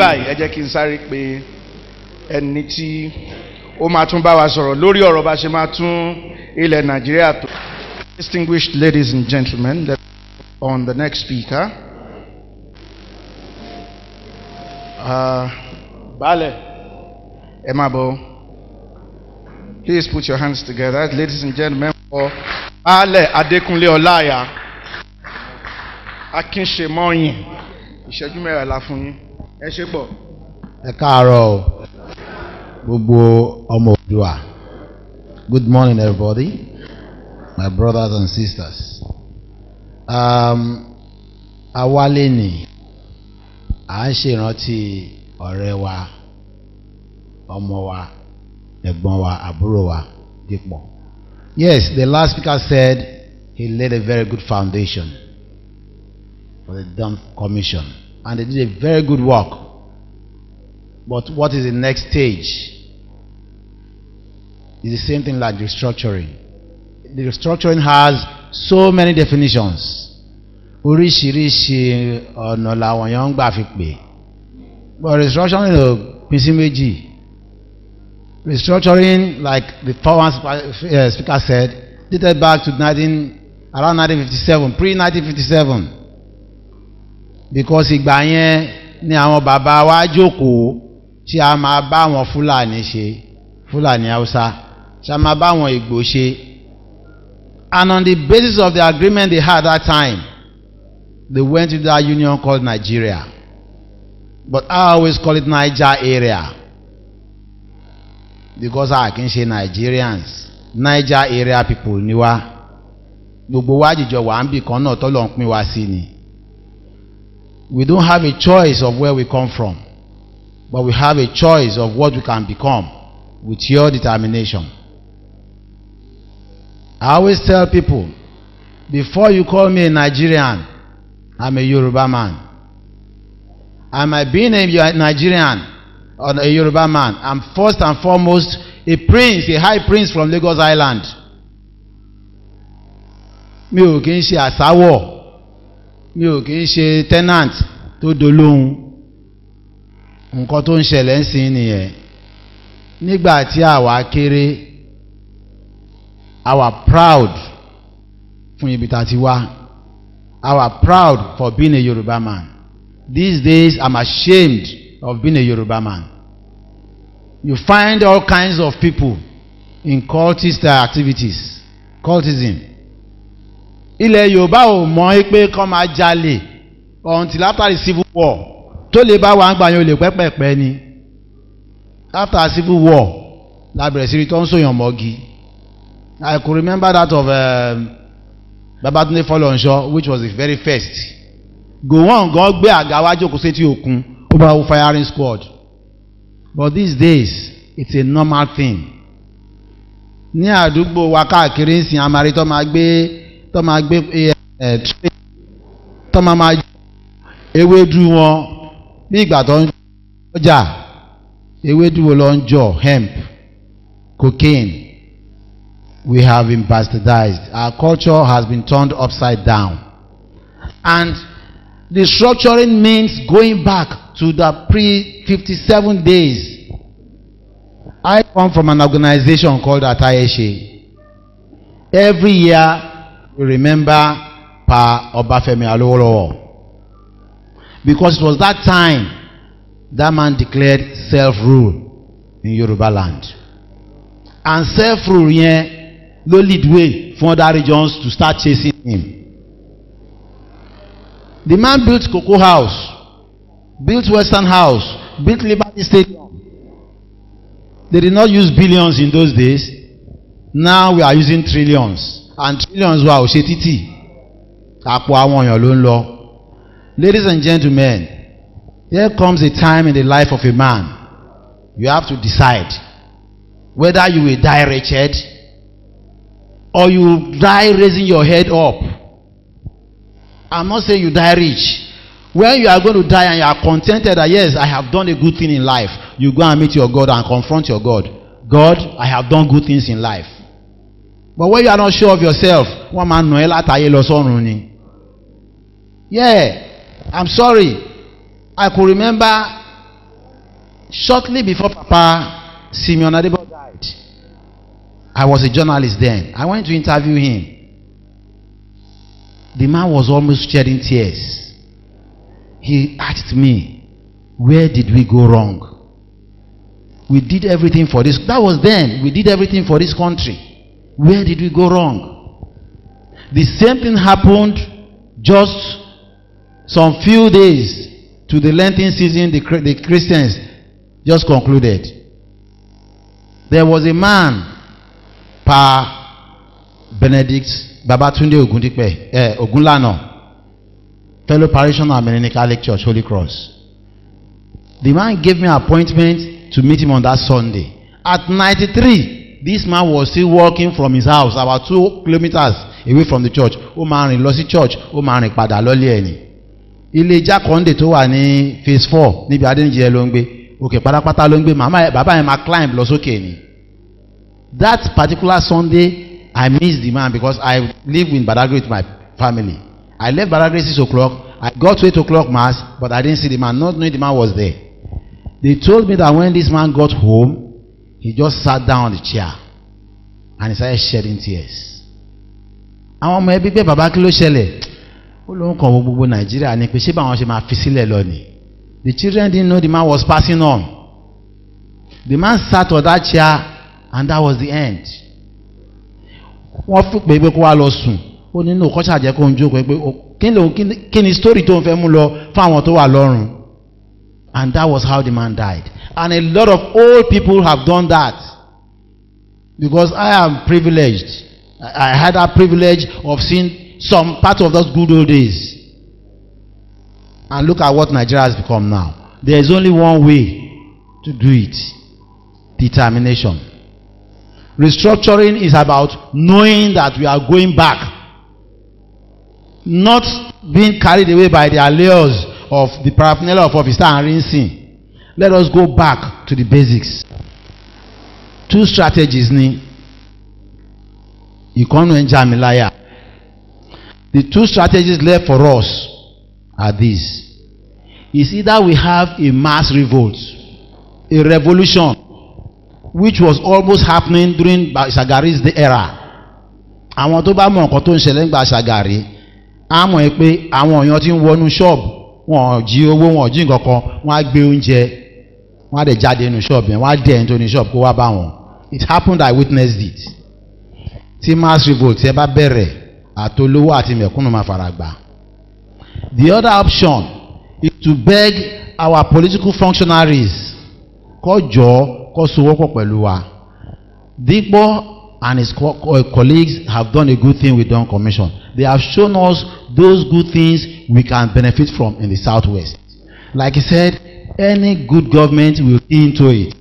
báyìí ẹ jẹ́ kí n sáré pé ẹni tí ó máa tún bá wa sọ̀rọ̀ lórí ọ̀rọ̀ bá ṣe máa tún ilẹ̀ nàìjíríà tó. distinguished ladies and gentlemen let's on the next speaker. Uh, Bale. Emabo. Please put your hands together, ladies and gentlemen, for Bale Adekunle Olaya. Akínṣe Mọ́yìn. Ìṣẹ́jú mẹ́rẹ̀ẹ́lá fún yín. ẹ ṣe pọ̀. ẹ káàárọ̀ o gbogbo ọmọ Oòduà good morning everybody my brothers and sisters um, awálé ni à ń ṣèrántí ọ̀rẹ́ wa ọmọ wa ẹ̀gbọ́n wa àbúrò wa Dípọ̀. Yes, the last speaker said he laid a very good foundation for the dump Commission and they did a very good work. But what is the next stage? It's the same thing like restructuring. The restructuring has so many definitions. But restructuring ló pín Restructuring, like the former eh, speaker said, dated back to 19, around 1957, pre-1957. because ìgbà yẹn ni àwọn bàbá wa jókòó tí a máa bá àwọn fúlàní ṣe fúlàní haúsá tí a máa bá àwọn ìgbò ṣe and on the basis of the agreement they had that time they went to that union called Nigeria but I always call it Niger area because I can say Nigerians Niger area people ni wa gbogbo wa jìjọ wà ń bì kan náà tọ́lọ̀ ń pín wa sí ni we don't have a choice of where we come from, but we have a choice of what we can become with your determination. I always tell people, before you call me a Nigerian, I'm a Yoruba man. Am I being a Nigerian or a Yoruba man? I'm first and foremost a prince, a high prince from Lagos Island. Mi ò kí ń ṣe àsáwọ̀ mi ò kì í ṣe tenant tó dolóhun nǹkan tó ń ṣẹlẹ̀ ń sìn nìyẹn nígbà tí àwa kéré àwa proud fún ibi tá a ti wá àwa proud for being a Yoruba man these days I'm ashamed of being a Yoruba man you find all kinds of people in cultist activities cultism ilẹ̀ yorùbá ò mọ̀ pé kọ́ máa jalè until after the civil war tó lè bá wa ń gbà yẹn olè pẹ́pẹ́pẹ́ ni after civil war la bẹ̀rẹ̀ sí tó ń sòyàn mọ́gi I could remember that of um, Babatunde Fọlọ́nṣọ́ which was the very first gowon gan gbé àga wájú kò sétí òkun ó bá firing squad but these days it's a normal thing ní àdúgbò wa káàkiri ń sin amaritọ́ máa gbé tó máa gbé ẹ tíré tó máa máa ewédú wọn bí ìgbà tó ń jọjà ewédú wo ló ń jọ hemp cocaine we have been bastardized our culture has been turned upside down and the structuring means going back to the pre-57 days. I come from an organization called Atayeshe. Every year, We remember Pa Obafemi Aloro. Because it was that time that man declared self rule in Yoruba land. And self rule yen no lead way for other regions to start chasing him. The man built Cocoa House, built Western House, built Liberty Stadium. They did not use billions in those days. Now we are using trillions. and trillions wa ò ṣe títì àpò àwọn èèyàn ló ń lọ. ladies and gentlemen there comes a time in the life of a man you have to decide whether you will die wretched or you die raising your head up i'm not saying you die rich when you are going to die and you are contented that yes i have done a good thing in life you go and meet your god and confront your god god i have done good things in life but when you are not sure of yourself wọ́n máa nà ẹ́ látàyè lọ sọ́run ni yeah i'm sorry i could remember shortly before papa simeon adebo died i was a journalist then i went to interview him the man was almost shedding tears he asked me where did we go wrong we did everything for this that was then we did everything for this country Where did we go wrong? The same thing happened just some few days to the Lenten season, the, the Christians just concluded. There was a man, Pa Benedict Babatunde Ogundipe, eh, Ogunlano, fellow parishioner of Mennonite Church, Holy Cross. The man gave me an appointment to meet him on that Sunday. At 93, this man was still walking from his house about two kilometres away from the church ó máa rìn lọ sí church ó máa rìn padà lọ́lé ẹ̀ ni ilé jákòndé tó wà ní phase four níbi adéǹjẹ ló ń gbé òkè pátápátá ló ń gbé màmá bàbá yẹn máa climb lọ sókè ni that particular sunday i miss the man because i live in badagry with my family i left badagry six o'clock i got to eight o'clock mass but i didn't see the man not knowing the man was there they told me that when this man got home He just sat down on the chair and he started shedding tears. Àwọn ọmọ ẹbí pé Baba, kí ló ṣẹlẹ̀? Ó lóun kàn wọ gbogbo Nàìjíríà ni pé ṣé báwọn ṣe máa fi sílẹ̀ lọ ni? The children didn't know the man was passing on. The man sat on that chair and that was the end. Wọ́n fi pé pé kó wá lọ sùn. Ó ní inú kọ́ṣà jẹ́ kó ń jókòó pé oh, kí ló kí ni story tó ń fẹ́ mú lọ fún àwọn tó wà lọ́rùn. And that was how the man died. And a lot of old people have done that. Because I am privileged. I, had that privilege of seeing some part of those good old days. And look at what Nigeria has become now. There is only one way to do it determination. Restructuring is about knowing that we are going back, not being carried away by the allures of the paraphernalia of officer and rinsing let us go back to the basics two strategies ni ìkọ́nù ẹ̀ ń the two strategies left for us are these is either we have a mass revolt a revolution which was almost happening during Shagari's era àwọn tó bá mọ nǹkan tó ń ṣẹlẹ̀ nígbà Shagari á mọ̀ ẹ́ pé àwọn èèyàn ti ń wọnú ṣọ́ọ̀bù wọn ò jí owó wọn ò jí nǹkan kan wọn á gbé oúnjẹ wọ́n á dẹ̀ jáde nínú ṣọ́ọ̀bù yẹn wọ́n á dẹ̀ ẹni tó ní ṣọ́ọ̀bù kó wá bá wọn it happened I witnessed it tí mass revolt ẹ bá bẹ̀rẹ̀ àtolówó àti mẹ̀kúnnù máa fara gbà the other option is to beg our political functionaries kọjọ kó sowọ́pọ̀ pẹ̀lú wa Dípò and his co co uh, colleagues have done a good thing with Dawn Commission they have shown us those good things we can benefit from in the southwest like he said Any good government will see into it.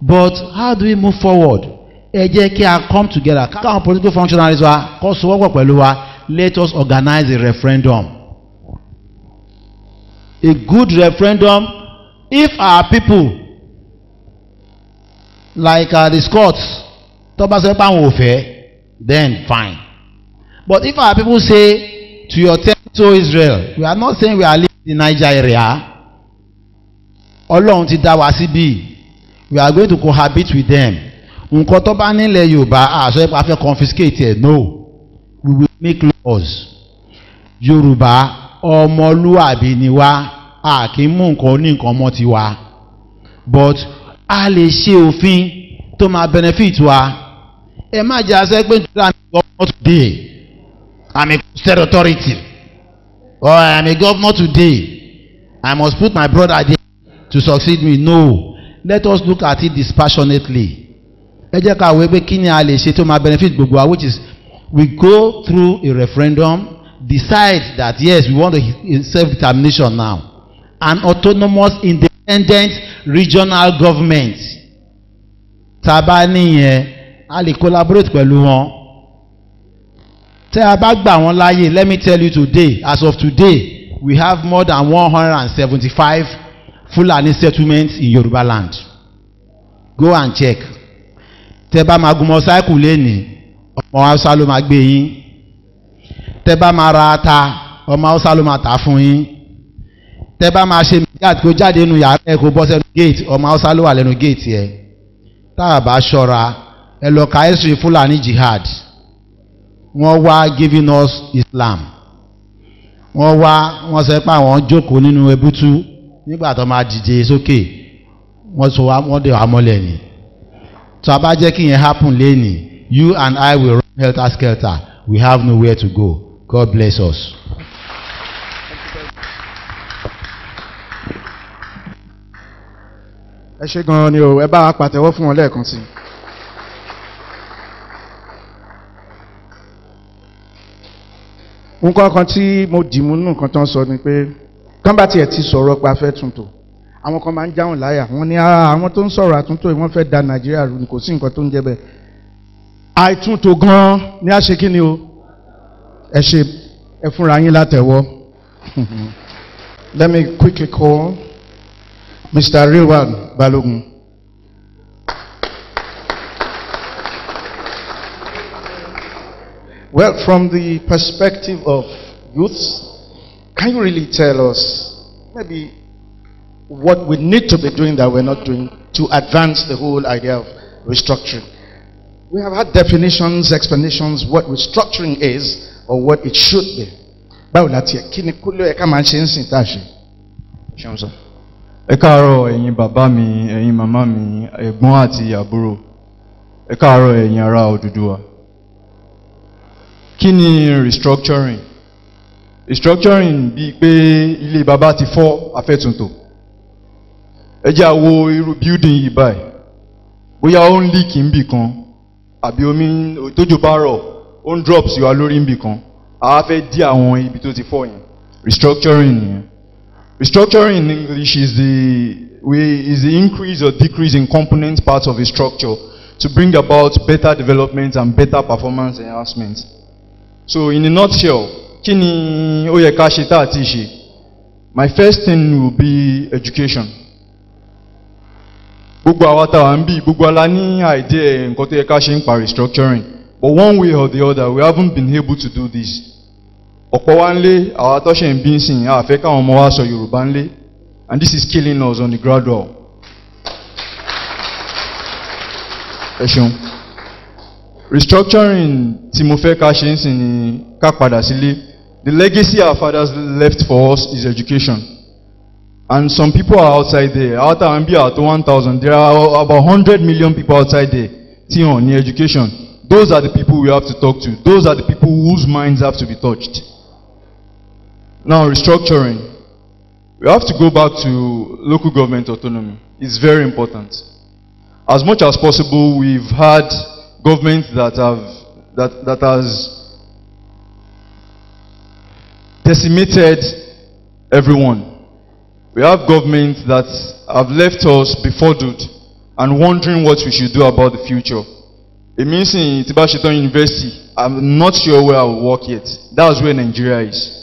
But how do we move forward? Ẹ jẹ́ kí a come together. our political functionaries wa kó sowọ́pọ̀ pẹ̀lú wa. Let us organize a referendum. A good referendum if our people like uh, the Scots tó bá sọ pé àwọn ò fẹ́ then fine. But if our people say to your territory Israel, we are not saying we are living in Nigeria ọlọ́run ti dá wa síbí we are going to cohabit with them nǹkan tó bá nílẹ̀ yorùbá àṣọ ipa fẹ́ confiscate ẹ̀ no we will make laws yorùbá ọmọlúwàbí ni wá a kì í mú nǹkan oníǹkan ọmọ ti wá but a lè ṣe òfin tó máa benefit wa ẹ má jẹ́ àṣẹ pé nítorí àmì gọ́ọ̀mọ̀ today I'm a state authority or oh, I'm a governor today I must put my brother there to succeed me no let us look at it dispassionately ẹ jẹ́ ká wẹ́ pé kí ni a lè ṣe tó máa benefit gbogbo wa which is we go through a referendum decide that yes we want a self-determination now an autonomous independent regional government tá a a lè collaborate pẹ̀lú wọn tẹ́ a bá gbà wọ́n láàyè let me tell you today as of today we have more than one hundred and seventy-five Fulani settlement in Yoruba land go and check tẹ bá máa gun mọ́sáìkù lẹ́nìí ọmọ Hausa ló máa gbé yín tẹ bá máa ra ata ọmọ Hausa ló máa tà fún yín tẹ bá máa ṣe mílíọ̀tì kó jáde nínú yàrá ẹ̀ kó bọ́ sẹ́nu gate ọmọ Hausa ló wà lẹ́nu gate ẹ̀ tá a bá ṣọ́ra ẹ lọ ka history Fulani jihad wọ́n wá giving us Islam wọ́n wá wọ́n sọ pé àwọn jókòó nínú ebútú nígbà tó máa dìde sókè wọ́n so wọ́n dẹ̀ amọ́lẹ̀ ni tó a bá jẹ́ kí yẹn happen lẹ́nìí you and I will run helter skelter we have nowhere to go God bless us. ẹ ṣe gan-an ni o ẹ bá wa pàtẹ́wọ́ fún wọn lẹ́ẹ̀kan sí i. nǹkan kan tí mo dìmú nù kan tán sọ ni pé kán bá tiẹ̀ ti sọ̀rọ̀ pa fẹ́ tuntò àwọn kan máa ń jáwọn láyà wọn ni ah, àwọn tó ń sọ̀rọ̀ àtúntò wọ́n fẹ́ da nàìjíríà rú ni kò sí nǹkan tó ń jẹ́ bẹ́ẹ̀ àìtúntò gan-an ni a ṣe kí ni o ẹ ṣe ẹ fúnra yín látẹ̀wọ́ let me quickly call Mr. Rewan Balogun. Well, from the perspective of youths Can you really tell us maybe what we need to be doing that we're not doing to advance the whole idea of restructuring? We have had definitions, explanations, what restructuring is or what it should be. Báwo la tiẹ̀ kí ni kúlẹ̀ ẹ̀ka máa ń ṣe ń sìn tá a ṣe? Ṣé o sọ? Ẹ káàárọ̀ ẹ̀yin bàbá mi, ẹ̀yin màmá mi, ẹ̀gbọ́n àti àbúrò. Ẹ káàárọ̀ ẹ̀yin ará Odùduwà. Kí ni restructuring? restructuring bíi pé ilé bàbá ti fọ́ afẹ́tuntò ẹ àwo irú building yìí báyìí bóyá ó ń leak níbì kan àbí omi tójò bá rọ̀ ó ń drop sí wa lórí níbì kan àá fẹ́ dí àwọn ibi tó ti fọ́ yẹn restructuring nìyẹn restructuring in English is the way is the increase or decrease in component parts of a structure to bring about better development and better performance enhancement so in a nutshell kí ni ó yẹ ká ṣe tá a ṣe my first thing will be education gbogbo àwa táwa ń bí gbogbo ala ní idea nǹkan tó yẹ ká ṣe ń pa restructuring but one way or the other we haven't been able to do this ọ̀pọ̀ wa ń lé àwa tó ṣe ń bí ń sìn àfẹ́ káwọn ọmọ wa sọ Yorùbá ń lé and this is killing us on the gradual. ẹ ṣeun restructuring tí mo fẹ́ ká ṣe ń sìn ni ká padà sílé. The legacy our fathers left for us is education. And some people are outside there. Out of Ambia, at 1,000, there are about 100 million people outside there. Tion, the education. Those are the people we have to talk to. Those are the people whose minds have to be touched. Now, restructuring. We have to go back to local government autonomy. It's very important. As much as possible, we've had governments that have that, that has decimated everyone. We have governments that have left us befuddled and wondering what we should do about the future. It means in Tibashiton University, I'm not sure where I will work yet. That's where Nigeria is.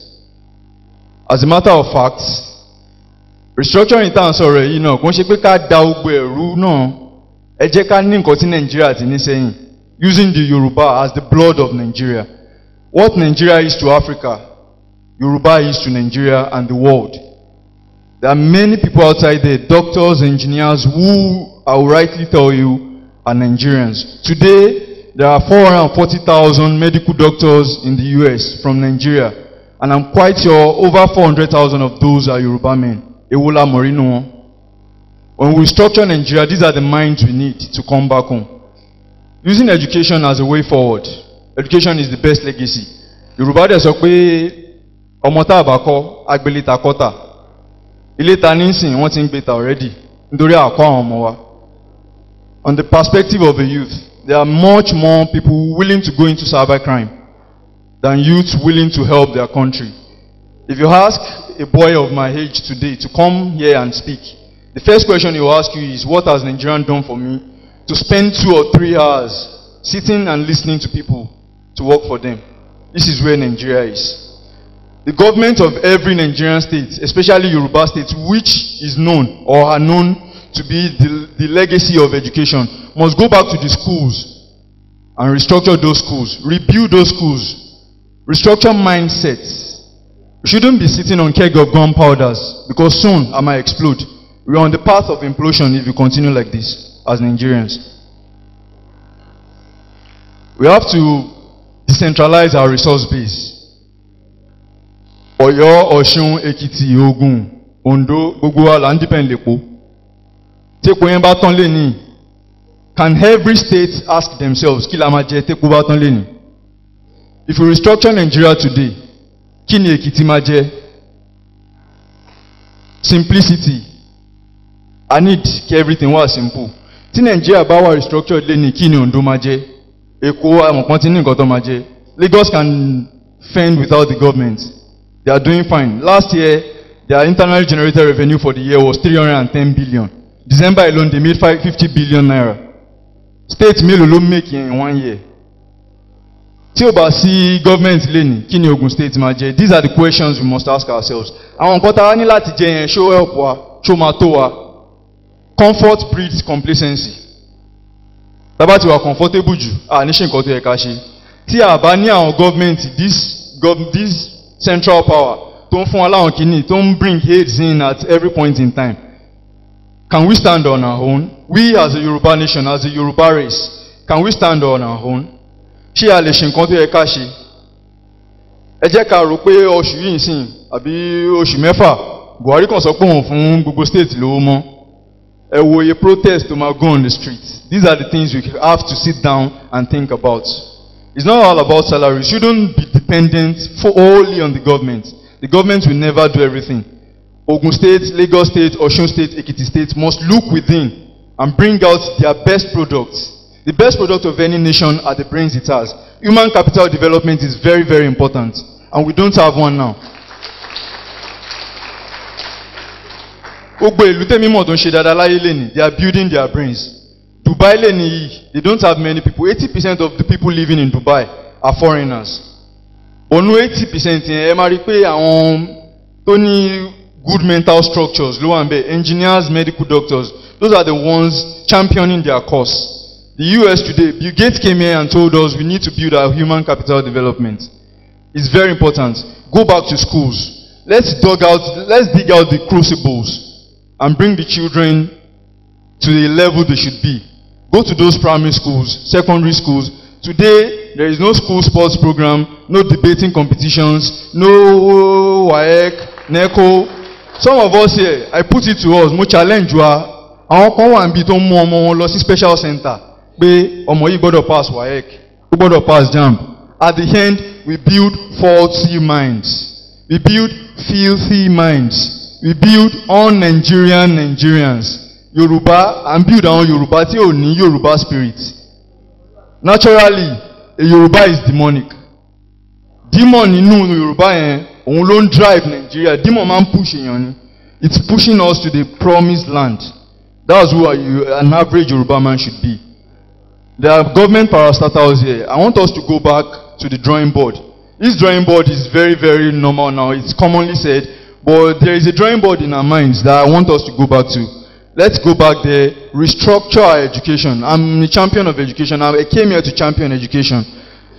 As a matter of fact, restructuring town, sorry, you know, when she ṣe pé ká Nigeria using the Yoruba as the blood of Nigeria. What Nigeria is to Africa Yoruba is to Nigeria and the world. There are many people outside there, doctors, engineers, who I will rightly tell you are Nigerians. Today, there are 440,000 medical doctors in the US from Nigeria. And I'm quite sure over 400,000 of those are Yoruba men. Ewola Morino. When we structure Nigeria, these are the minds we need to come back home. Using education as a way forward. Education is the best legacy. Yoruba, there's a way ọmọ tá a bá kọ́ agbélita kọ́tà ilé ta a ba ko ile ta won ti ń already nítorí àkọ́ àwọn ọmọ wa on the perspective of the youth there are much more people willing to go into cybercrime than youths willing to help their country if you ask a boy of my age today to come here and speak the first question he will ask you is what has Nigerian done for me to spend two or three hours sitting and listening to people to work for them this is where Nigeria is the government of every Nigerian state, especially Yoruba state, which is known or are known to be the, the legacy of education, must go back to the schools and restructure those schools, rebuild those schools, restructure mindsets. We shouldn't be sitting on keg of gunpowders because soon I might explode. We're on the path of implosion if we continue like this as Nigerians. We have to decentralize our resource base. ọ̀yọ́ ọ̀ṣun èkìtì ògùn ondo gbogbo wa là ń dìpẹ́ǹd lépo tépo yẹn bá tán lé ní can every state ask themselves kí la máa jẹ tépo bá tán lé if we restructure Nigeria today kí ni èkìtì máa jẹ simplicity I need kí everything wà simple tí Nigeria bá wà restructured lé ní kí ni ondo máa jẹ Èkó àmọ̀pọ̀n ti ní nǹkan tó máa jẹ Lagos can fend without the government. They are doing fine. Last year, their internally generated revenue for the year was three hundred and ten billion. December alone, they made fifty billion naira. State mélòó ló make in one year? Tí o bá sí government lẹ́nu, kí ni Ogun State máa jẹ? These are the questions we must ask ourselves. Àwọn nǹkan tá a ní láti jẹ yẹn ṣó help wa, ṣó máa tó wa. Comfort breeds complacency. Tábà ti wà comfortable jù, à ní ṣe nǹkan tó yẹ ká ṣe. Tí a bá ní àwọn government, this, gov this central power tó ń fún wa láwọn kìíní tó ń bring aids in at every point in time can we stand on our own we as a Yoruba nation as a Yoruba race can we stand on our own ṣé a lè ṣe nǹkan tó yẹ ká ṣe ẹ jẹ́ ká rò pé oṣù yìí sìn àbí oṣù mẹ́fà Buhari kàn sọ pé òun fún gbogbo state lówó mọ́ ẹ wo protest tó máa go on the street these are the things we have to sit down and think about. It's not all about salary. You shouldn't be dependent wholly on the government. The government will never do everything. Ogun State, Lagos State, Osun State, Ekiti State must look within and bring out their best products. The best product of any nation are the brains it has. Human capital development is very, very important, and we don't have one now. Gbogbo ìlú tèmi mọ̀ tó ń ṣe dáadáa láyé lẹ́nìí, they are building their brains. Dubai Leni, they don't have many people. 80% of the people living in Dubai are foreigners. Onu 80% ẹ máa rí good mental structures ló bẹ̀ engineers medical doctors those are the ones championing their cause. The US today, Bill Gates came here and told us we need to build our human capital development. It's very important. Go back to schools. Let's dug out, let's dig out the crucibles and bring the children to the level they should be. Go to those primary schools, secondary schools. Today, there is no school sports program, no debating competitions, no oh, WAEC, NECO. Some of us here, I put it to us, mo challenge wa, àwọn kan wà níbi tó ń mú ọmọ wọn lọ sí special center pé ọmọ yìí gbọ́dọ̀ pass WAEC, ó gbọ́dọ̀ pass JAMB. At the end, we build faulty minds. We build filthy minds. We build un-Nigerian Nigerians yorùbá and build àwọn yorùbá tí ò ní yorùbá spirit naturally a yorùbá is demonic demon nínú yorùbá yẹn òun ló ń drive nigeria demon máa ń push èèyàn ni it's pushing us to the promised land that's who an average yorùbá man should be The government parastatals here i want us to go back to the drawing board this drawing board is very very normal now it's commonly said but there is a drawing board in our minds that i want us to go back to let's go back there, restructure our education. I'm a champion of education. I came here to champion education.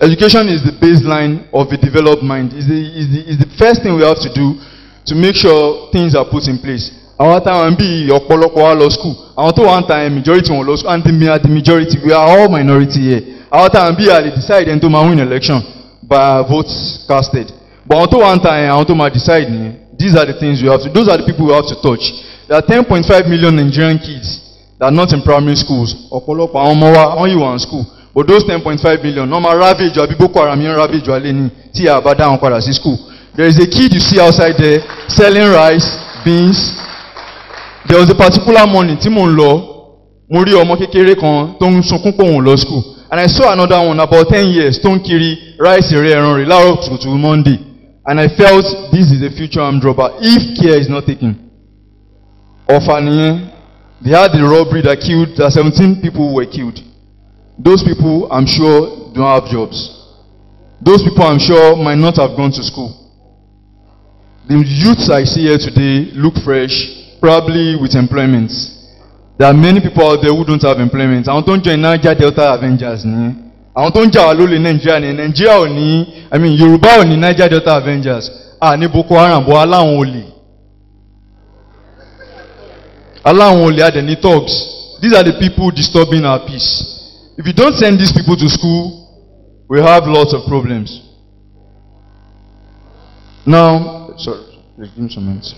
Education is the baseline of a developed mind. is the, is the, it's the first thing we have to do to make sure things are put in place. Àwọn táwọn bí ọ̀pọ̀lọpọ̀ wa lọ school. Our tó wà ń majority wọn lọ school and the, are the majority we are all minority here. Our time and be a lè decide ẹni tó máa win election by votes casted. But our tó wà ń our àwọn tó decide nìyẹn. These are the things we have to, those are the people we have to touch there are ten point five million nigerian kids that are not in primary schools ọ̀pọ̀lọpọ̀ àwọn ọmọ wa wọ́n yìí wà ní school but those ten point five million normal ravage àbí boko haram yẹn ravage wà lẹ́ni tí a bá dá wọn padà sí school there is a kid you see outside there selling rice beans there was a particular morning tí mò ń lọ mo rí ọmọ kékeré kan tó ń sunkún pé òun lọ school and i saw another one about ten years tó ń kiri rice rẹ ẹran rẹ láàárọ̀ kùtùkùtù monday and i felt this is the future armed robber if care is not taken. Ofani, they had the robbery that killed, that 17 people were killed. Those people, I'm sure, don't have jobs. Those people, I'm sure, might not have gone to school. The youths I see here today look fresh, probably with employment. There are many people out there who don't have employment. I don't join jọ Niger Delta Avengers ni. Àwọn tó ń jà wá lólè ni. Nàìjíríà ò ní, I mean Yorùbá ò ní Niger Delta Avengers. À ní Boko Haram bọ́ aláwọn Allah only had any These are the people disturbing our peace. If you don't send these people to school, we have lots of problems. Now, sorry, give me some minutes.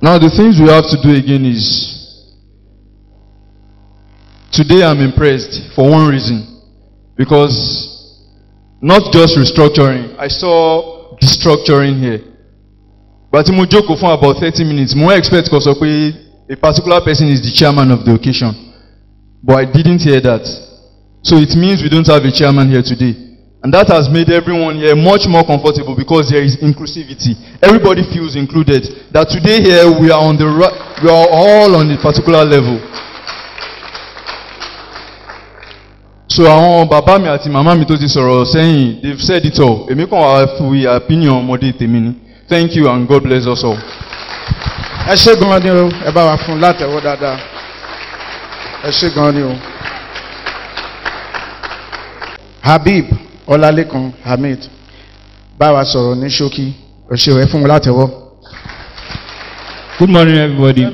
Now, the things we have to do again is today I'm impressed for one reason because not just restructuring, I saw destructuring here. But tí mo jókòó fún about thirty minutes mo expect kó sọ pé a particular person is the chairman of the occasion but I didn't hear that so it means we don't have a chairman here today and that has made everyone here much more comfortable because there is inclusivity everybody feels included that today here we are on the we are all on a particular level. so àwọn bàbá mi àti màmá mi tó ti sọ̀rọ̀ sẹ́yìn they said it all èmi kàn wá fún opinion ọmọdé tèmi ni. Thank you and God bless us all. Ẹ ṣé gan ni o, ẹ bá wa fún látẹ̀wọ́ dáadáa. Ẹ ṣé gan ni o. Habib Ọlálékan Hamid bá wa sọ̀rọ̀ ní ṣókí. Ẹ ṣé ẹ fún látẹ̀wọ́. Good morning everybody.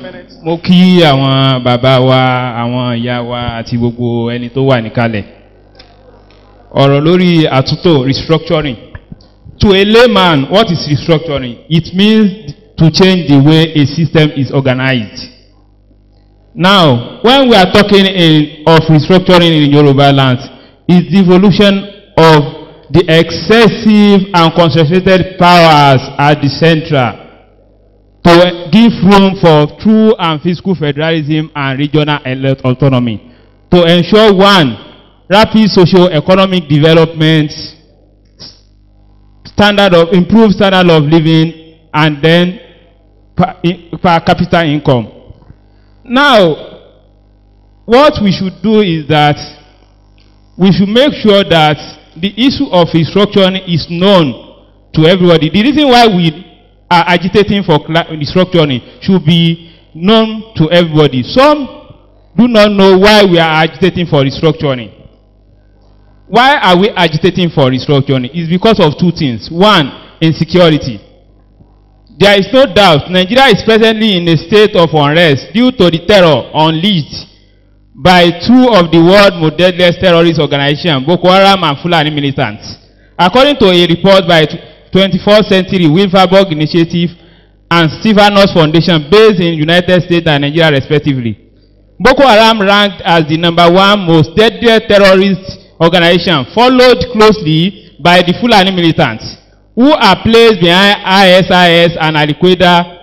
Mo kí àwọn bàbá wa, àwọn ìyá wa àti gbogbo ẹni tó wà níkàlẹ̀. Ọ̀rọ̀ lórí àtúntò restructuring. To a layman, what is restructuring? It means to change the way a system is organized. Now, when we are talking in, of restructuring in Yoruba lands, it's the evolution of the excessive and concentrated powers at the central to give room for true and fiscal federalism and regional autonomy to ensure one, rapid socio-economic development standard of improved standard of living and then per, capita income. Now, what we should do is that we should make sure that the issue of restructuring is known to everybody. The reason why we are agitating for restructuring should be known to everybody. Some do not know why we are agitating for restructuring why are we agitating for restructuring is because of two things one insecurity there is no doubt nigeria is presently in a state of unrest due to the terror unleashed by two of the world most deadliest terrorist organizations boko haram and fulani militants according to a report by 24th century wilferburg initiative and stephanos foundation based in united states and nigeria respectively boko haram ranked as the number one most deadliest terrorist organization followed closely by the Fulani militants who are placed behind ISIS and Al-Qaeda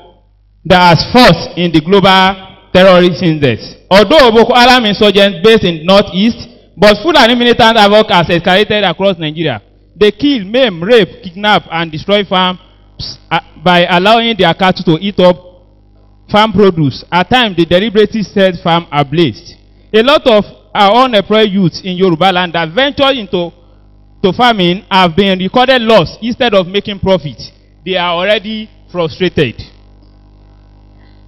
that has fought in the global terrorist index. Although Boko Haram insurgents based in northeast, but Fulani militants have has escalated across Nigeria. They kill, maim, rape, kidnap, and destroy farms uh, by allowing their cattle to eat up farm produce. At times, they deliberately set farm ablaze. A lot of our unemployed youths in Yoruba land that venture into to farming have been recorded loss instead of making profit. They are already frustrated.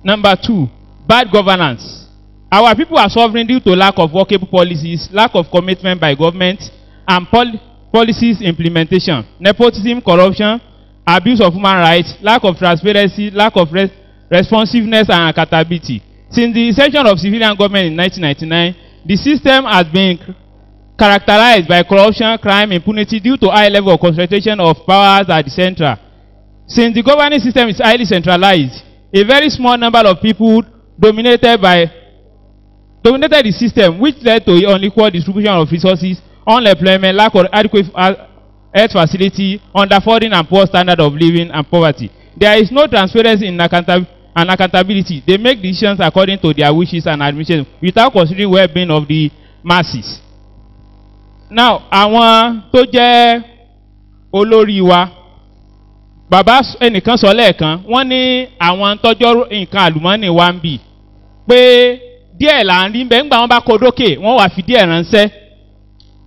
Number two, bad governance. Our people are suffering due to lack of workable policies, lack of commitment by government, and pol policies implementation, nepotism, corruption, abuse of human rights, lack of transparency, lack of res responsiveness and accountability. Since the inception of civilian government in 1999, The system has been characterized by corruption, crime, impunity due to high level of concentration of powers at the center. Since the governing system is highly centralized, a very small number of people dominated by dominated the system, which led to unequal distribution of resources, unemployment, lack of adequate uh, health facility, underfunding and poor standard of living and poverty. There is no transparency in accountability and accountability. They make decisions according to their wishes and admissions without considering well-being of the masses. Now, àwọn tó jẹ́ olórí wa, bàbá ẹnìkan sọ lẹ́ẹ̀kan, wọ́n ní àwọn tọ́jọ́ nǹkan àlùmọ́ọ́nì wa ń bì pé díẹ̀ là ń rí bẹ́ẹ̀ ńgbà wọn bá kó dókè wọ́n wàá fi díẹ̀ ránṣẹ́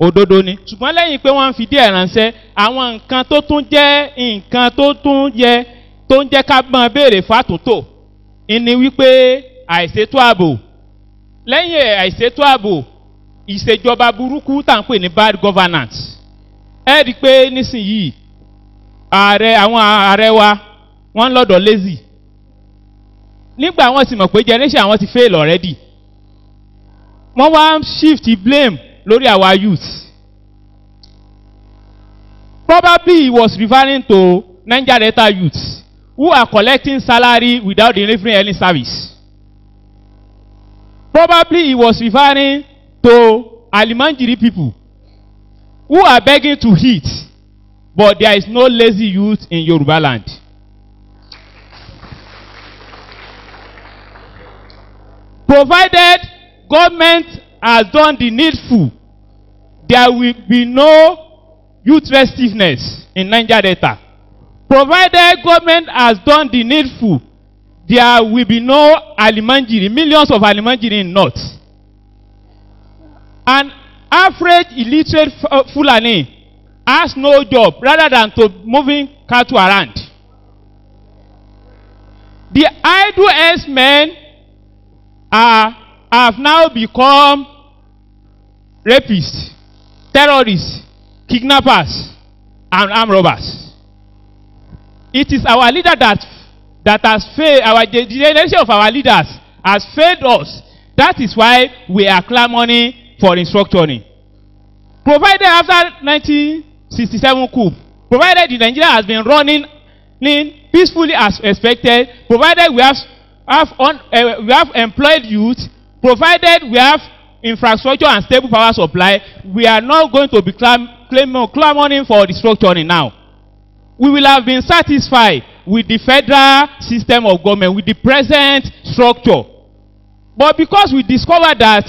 òdodo ni ṣùgbọ́n lẹ́yìn pé wọ́n ń fi díẹ̀ ránṣẹ́ àwọn nǹkan tó tún jẹ́ nǹkan tó tún yẹ tó ń jẹ́ ká gbọ́n béèrè fàtúntò ìní wípé àìṣètò ààbò lẹ́yìn àìṣètò ààbò ìṣèjọba burúkú tá à ń pè ní bad governance ẹ rí i pé nísìnyìí ààrẹ àwọn ààrẹ wa wọ́n lọ́dọ̀ lazy nígbà wọn ti mọ̀ pé generation àwọn ti fail already wọ́n wá shift blame lórí àwa youth probably he was referring to niger delta youths who are collecting salary without delivering any service. Probably he was referring to Alimanjiri people who are begging to eat, but there is no lazy youth in Yoruba land. Provided government has done the needful, there will be no youth restiveness in Niger Delta. Provided government has done the needful, there will be no Alimanjiri, millions of Alimanjiri in North. An average illiterate uh, Fulani has no job rather than to moving cattle around. The idle ex men are, have now become rapists, terrorists, kidnappers, and armed robbers. It is our leader that, that has failed, our the generation of our leaders has failed us. That is why we are clamoring for restructuring. Provided after 1967 coup, provided the Nigeria has been running in peacefully as expected, provided we have, have, un, uh, we have employed youth, provided we have infrastructure and stable power supply, we are not going to be clam, clamoring for restructuring now we will have been satisfied with the federal system of government, with the present structure. But because we discovered that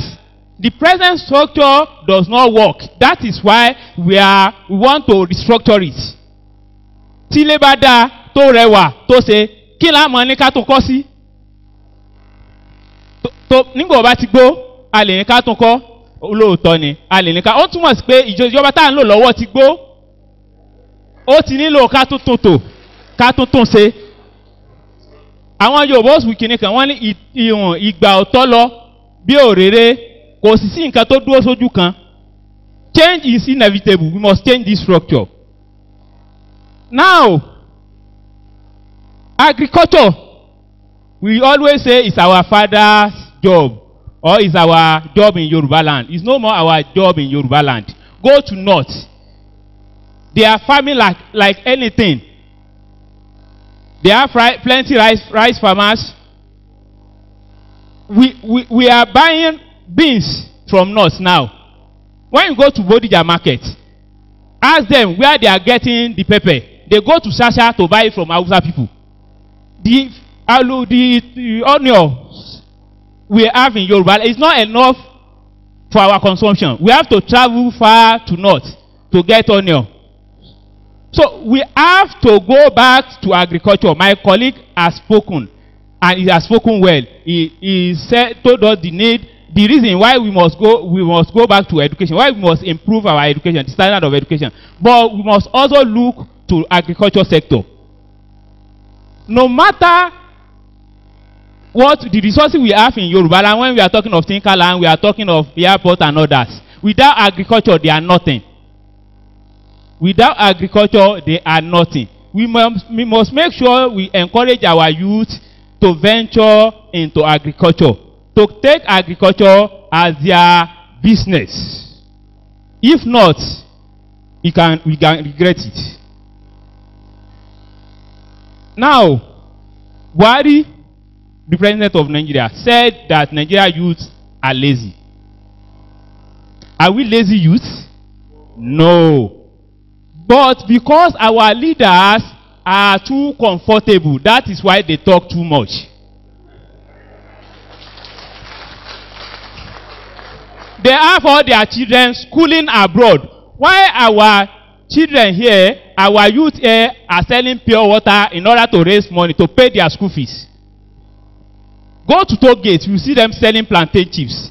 the present structure does not work, that is why we, are, we want to restructure it. Tí lè bá dáa tó rẹwà tó ṣe kí láàmú ní ká tún kọ́ sí. Nígbà ọba ti gbó, a lè ní ká tún kọ́, olóòótọ́ ni, a lè ní ká. Ó túmọ̀ sí pé ìjọba tá à ń lò lọ́wọ́ ti gbó ó ti nílò ká tuntun tò ká tuntun ṣe àwọn yorùbá oṣù kìnnì kan wọ́n ní ìwọ̀n ìgbà ọ̀tọ́ lọ bí òréré kò sì sí nǹkan tó dúró sójú kan change is inevitable we must change this structure now agriculture we always say is our father's job or is our job in yoruba land it's no more our job in yoruba land go to north They are farming like, like anything. They have plenty rice, rice farmers. We, we, we are buying beans from north now. When you go to Bodija market, ask them where they are getting the pepper. They go to Sasha to buy from Hausa people. The alu, the, the onion we have in Yoruba is not enough for our consumption. We have to travel far to north to get onion. So we have to go back to agriculture. My colleague has spoken, and he has spoken well. He, he said, told us the need, the reason why we must go, we must go back to education, why we must improve our education, the standard of education. But we must also look to agriculture sector. No matter what the resources we have in Yoruba land, when we are talking of Tinkerland, we are talking of airport and others. Without agriculture, they are nothing. Without agriculture, they are nothing. We must, we must make sure we encourage our youth to venture into agriculture, to take agriculture as their business. If not, we can, we can regret it. Now, Buhari, the president of Nigeria, said that Nigeria youths are lazy. Are we lazy youths? No. But because our leaders are too comfortable, that is why they talk too much. they have all their children schooling abroad. Why our children here, our youth here, are selling pure water in order to raise money to pay their school fees? Go to toll gate, you see them selling plantain chips.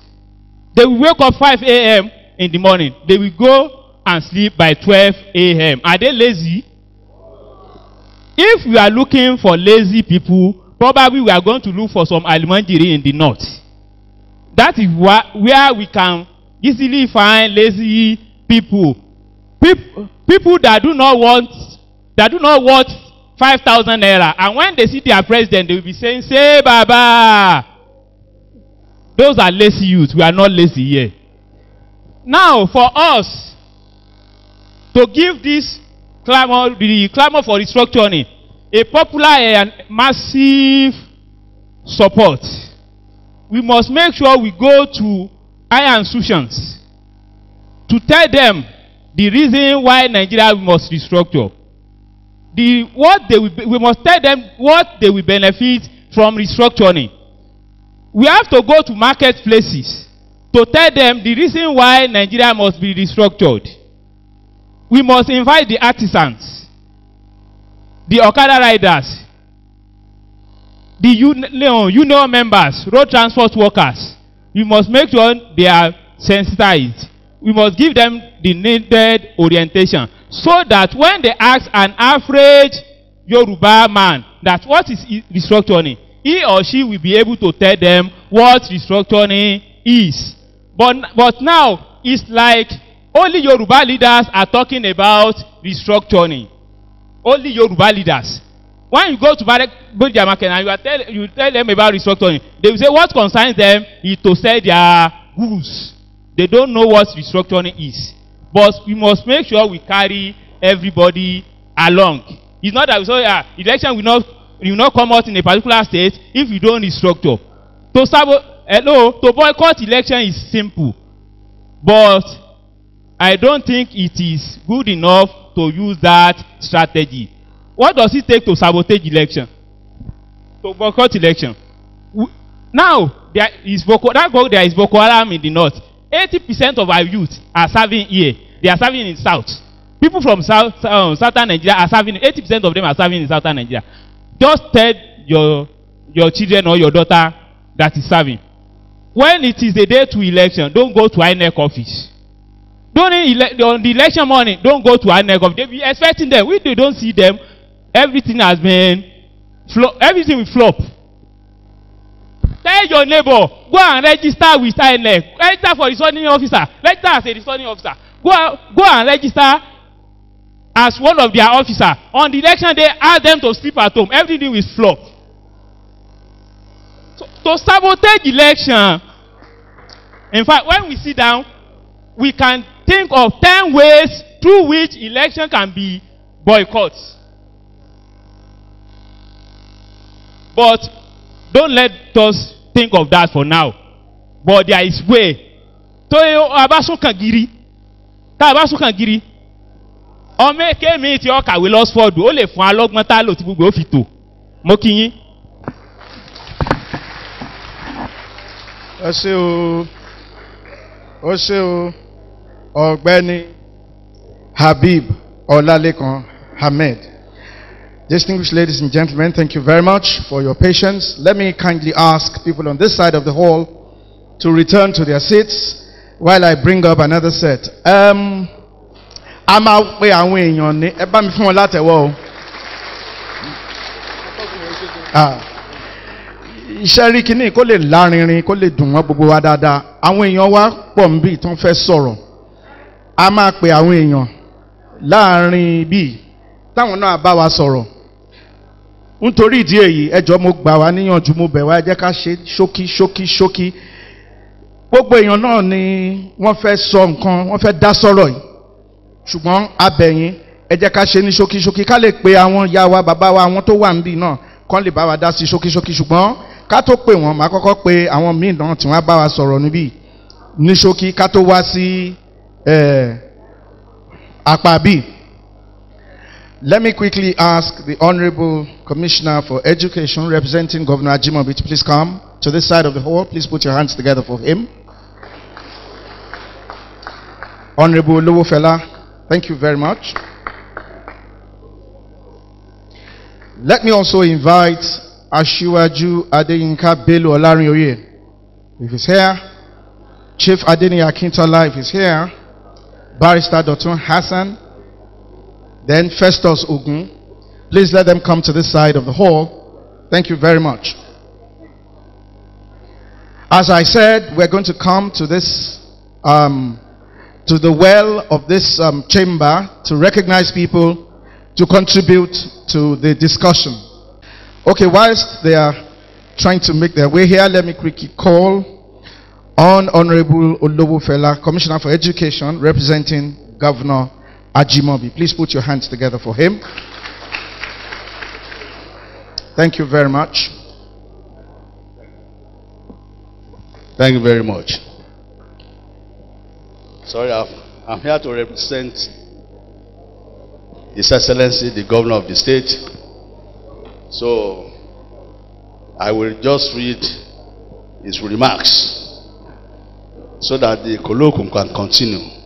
They will wake up 5 a.m. in the morning. They will go and sleep by 12 a.m. Are they lazy? If we are looking for lazy people, probably we are going to look for some Almanjiri in the north. That is where we can easily find lazy people. People, people that do not want that do not want 5,000 naira. And when they see their president, they will be saying, Say, Baba. Those are lazy youths. We are not lazy here. Now, for us, To give this clamor, the clamor for restructuring, a popular and massive support, we must make sure we go to iron institutions to tell them the reason why Nigeria must restructure. The, what they we must tell them what they will benefit from restructuring. We have to go to marketplaces to tell them the reason why Nigeria must be restructured. we must invite the artisans, the Okada riders, the union, union members, road transport workers. We must make sure they are sensitized. We must give them the needed orientation so that when they ask an average Yoruba man that what is restructuring, he or she will be able to tell them what restructuring is. But, but now, it's like Only Yoruba leaders are talking about restructuring. Only Yoruba leaders. When you go to Bodija market and you, tell, you tell them about restructuring, they say what concerns them is to sell their goods. They don't know what restructuring is. But we must make sure we carry everybody along. It's not that we say, ah, election will not, will not come out in a particular state if you don't restructure. To, sabo, hello, to boycott election is simple. But I don't think it is good enough to use that strategy. What does it take to sabotage election? To boycott election. Now, there is Boko, that go, there is Boko Haram in the north. 80% of our youth are serving here. They are serving in south. People from south, um, southern Nigeria are serving, 80% of them are serving in southern Nigeria. Just tell your, your children or your daughter that is serving. When it is the day to election, don't go to INEC office during ele on the election morning don go to anegov they be expecting them We they don see them everything has been flop everything will flop tell your neighbor go and register with inec register for returning officer register as a returning officer go go and register as one of their officer on the election day ask them to sleep at home everything will flop so to sabotage election in fact when we sit down we can think of ten ways through which election can be boycotted. But don't let us think of that for now. But there is way. Tó a bá sún kàn gírí, tá a bá sún kàn gírí, ọmọ èké mi ti ọkàwé lọ́sfọ́ọ̀dù, ó lè fún alọ́gbọ́n tá lò tí gbogbo ó fi tò. Mo kí yín. Ẹ ṣe o, ó ṣe o ọ̀gbẹ́ni Habib Olalekan Ahmed. Distinguished ladies and gentlemen, thank you very much for your patience. Let me kindly ask people on this side of the hall to return to their seats while I bring up another set. Um, a máa pe àwọn èèyàn ní ẹ bá mi fún wọn látẹ̀wọ́ o. Ah. iṣẹ́ rí kínní kó lè lárinrin kó lè dùn wọ́n gbogbo wa dáadáa àwọn èèyàn wa pọ̀ ń bì tán fẹ́ sọ̀rọ̀ a máa pè àwọn èèyàn láàrin bíi táwọn náà bá wa sọ̀rọ̀ nítorí ìdí èyí ẹjọ́ mo gbà wá níyànjú mo bẹ̀ wá ẹ jẹ́ ká ṣe ṣókí ṣókí ṣókí gbogbo èèyàn náà ni wọ́n fẹ́ sọ nǹkan wọ́n fẹ́ dá sọ̀rọ̀ yìí ṣùgbọ́n abẹ̀yìn ẹ jẹ́ ká ṣe ní ṣókí ṣókí ká lè pe àwọn ìyá wa bàbá wa àwọn tó wà níbí náà kán lè bá wa dá sí ṣókí ṣókí ṣùgbọ́n ká tó pè wọ́n màá kọ́kọ́ pe àwọn míì náà tí wọ́n bá wa sọ̀rọ̀ níbí ní ṣókí ká tó wá sí uh, eh, Akpabi. Let me quickly ask the Honorable Commissioner for Education representing Governor Ajimobi to please come to this side of the hall. Please put your hands together for him. Honorable Fella, thank you very much. Let me also invite Ashiwaju Adeyinka Belu Olarinyoye, if he's here. Chief Adeni Akintola, if he's here. Barrister Dotun Hassan, then Festus Ugun, Please let them come to this side of the hall. Thank you very much. As I said, we're going to come to this, um, to the well of this um, chamber to recognize people to contribute to the discussion. Okay, whilst they are trying to make their way here, let me quickly call Hon. Honorable Fela, Commissioner for Education, representing Governor Ajimobi. Please put your hands together for him. Thank you very much. Thank you very much. Sorry, I'm here to represent His Excellency, the Governor of the State. So, I will just read his remarks so that the colloquium can continue.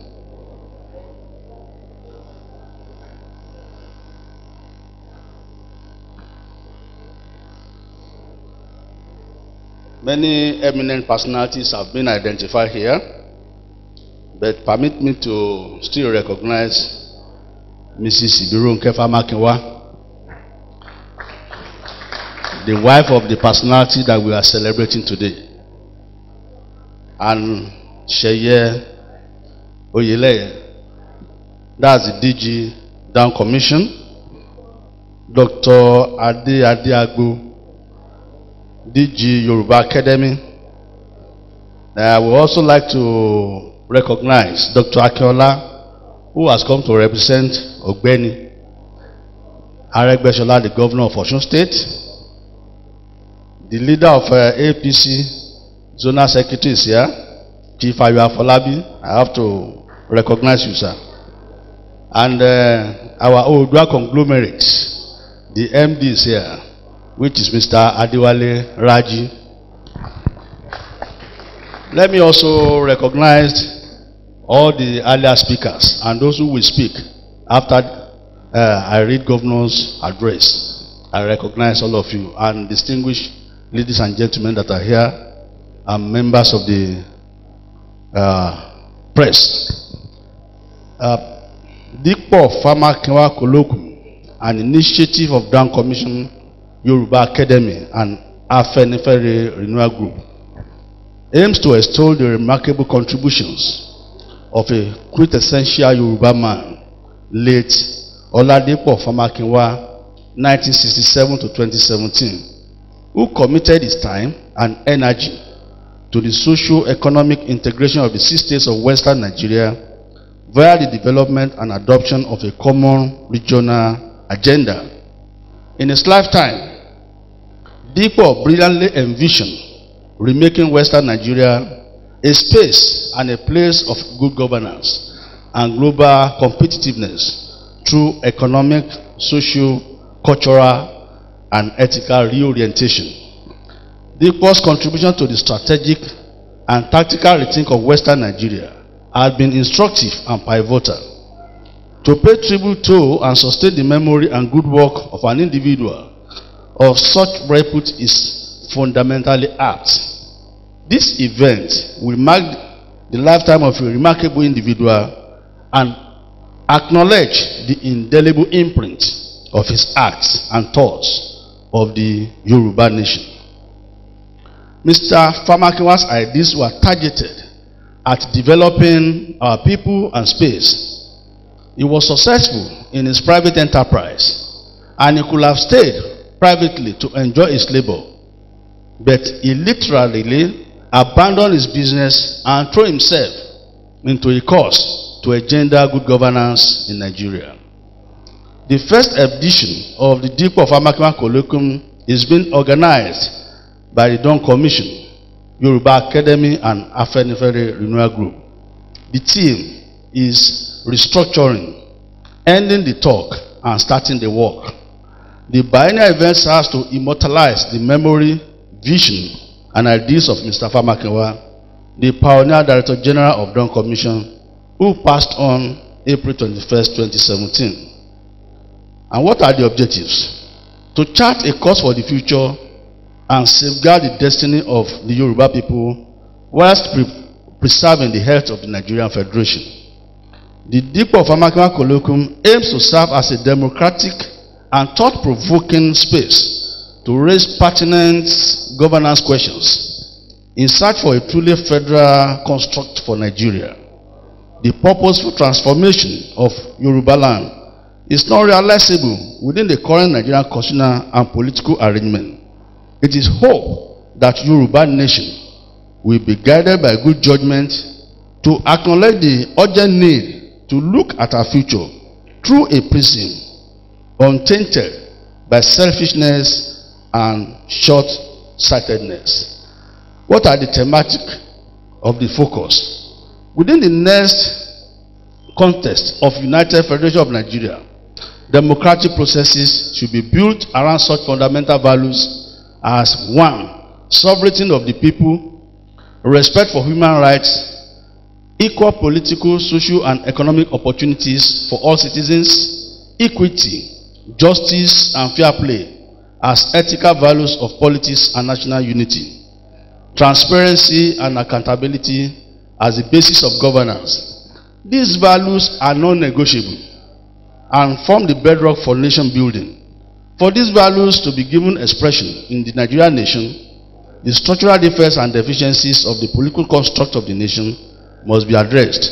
Many eminent personalities have been identified here, but permit me to still recognize Mrs. Ibirun Kefamakiwa, the wife of the personality that we are celebrating today. And Sheye Oyeleye. That's the DG Down Commission. Dr. Adi Adeagbo, DG Yoruba Academy. I would also like to recognize Dr. Akeola, who has come to represent Ogbeni. Beshola, the governor of Osun State. The leader of uh, APC, Zona Secretary is here. Chief Ayua Falabi, I have to recognize you, sir. And uh, our Odua conglomerate, the MD is here, which is Mr. Adiwale Raji. Let me also recognize all the earlier speakers and those who will speak after uh, I read governor's address. I recognize all of you and distinguished ladies and gentlemen that are here and members of the uh, press. Uh, Farmer Famakinwa Koloku, an initiative of Grand Commission, Yoruba Academy, and Afenifere Renewal Group, aims to extol the remarkable contributions of a quintessential Yoruba man, late Oladipo Famakinwa, 1967 to 2017, who committed his time and energy to the socio-economic integration of the six states of western Nigeria via the development and adoption of a common regional agenda. In his lifetime, Dipo brilliantly envisioned remaking Western Nigeria a space and a place of good governance and global competitiveness through economic, social, cultural, and ethical reorientation. The post contribution to the strategic and tactical rethink of Western Nigeria has been instructive and pivotal. To pay tribute to and sustain the memory and good work of an individual of such repute is fundamentally apt. This event will mark the lifetime of a remarkable individual and acknowledge the indelible imprint of his acts and thoughts of the Yoruba nation. Mr. Famakiwa's ideas were targeted at developing our people and space. He was successful in his private enterprise and he could have stayed privately to enjoy his labor. But he literally abandoned his business and threw himself into a course to agenda good governance in Nigeria. The first edition of the Deep of Amakiwa Colloquium is being organized by the Don Commission, Yoruba Academy and Afenifere Renewal Group. The team is restructuring, ending the talk and starting the work. The biennial event has to immortalize the memory, vision, and ideas of Mr. Famakinwa, the pioneer director general of Don Commission, who passed on April 21, 2017. And what are the objectives? To chart a course for the future and safeguard the destiny of the Yoruba people whilst pre preserving the health of the Nigerian Federation. The Deep of Amakima Colloquium aims to serve as a democratic and thought-provoking space to raise pertinent governance questions in search for a truly federal construct for Nigeria. The purposeful transformation of Yoruba land is not realizable within the current Nigerian constitutional and political arrangement. It is hope that Yoruba nation will be guided by good judgment to acknowledge the urgent need to look at our future through a prism untainted by selfishness and short-sightedness. What are the thematic of the focus? Within the next context of United Federation of Nigeria, democratic processes should be built around such fundamental values as one, sovereignty of the people, respect for human rights, equal political, social, and economic opportunities for all citizens, equity, justice, and fair play as ethical values of politics and national unity, transparency and accountability as the basis of governance. These values are non-negotiable and form the bedrock for nation building. For these values to be given expression in the Nigerian nation, the structural defects and deficiencies of the political construct of the nation must be addressed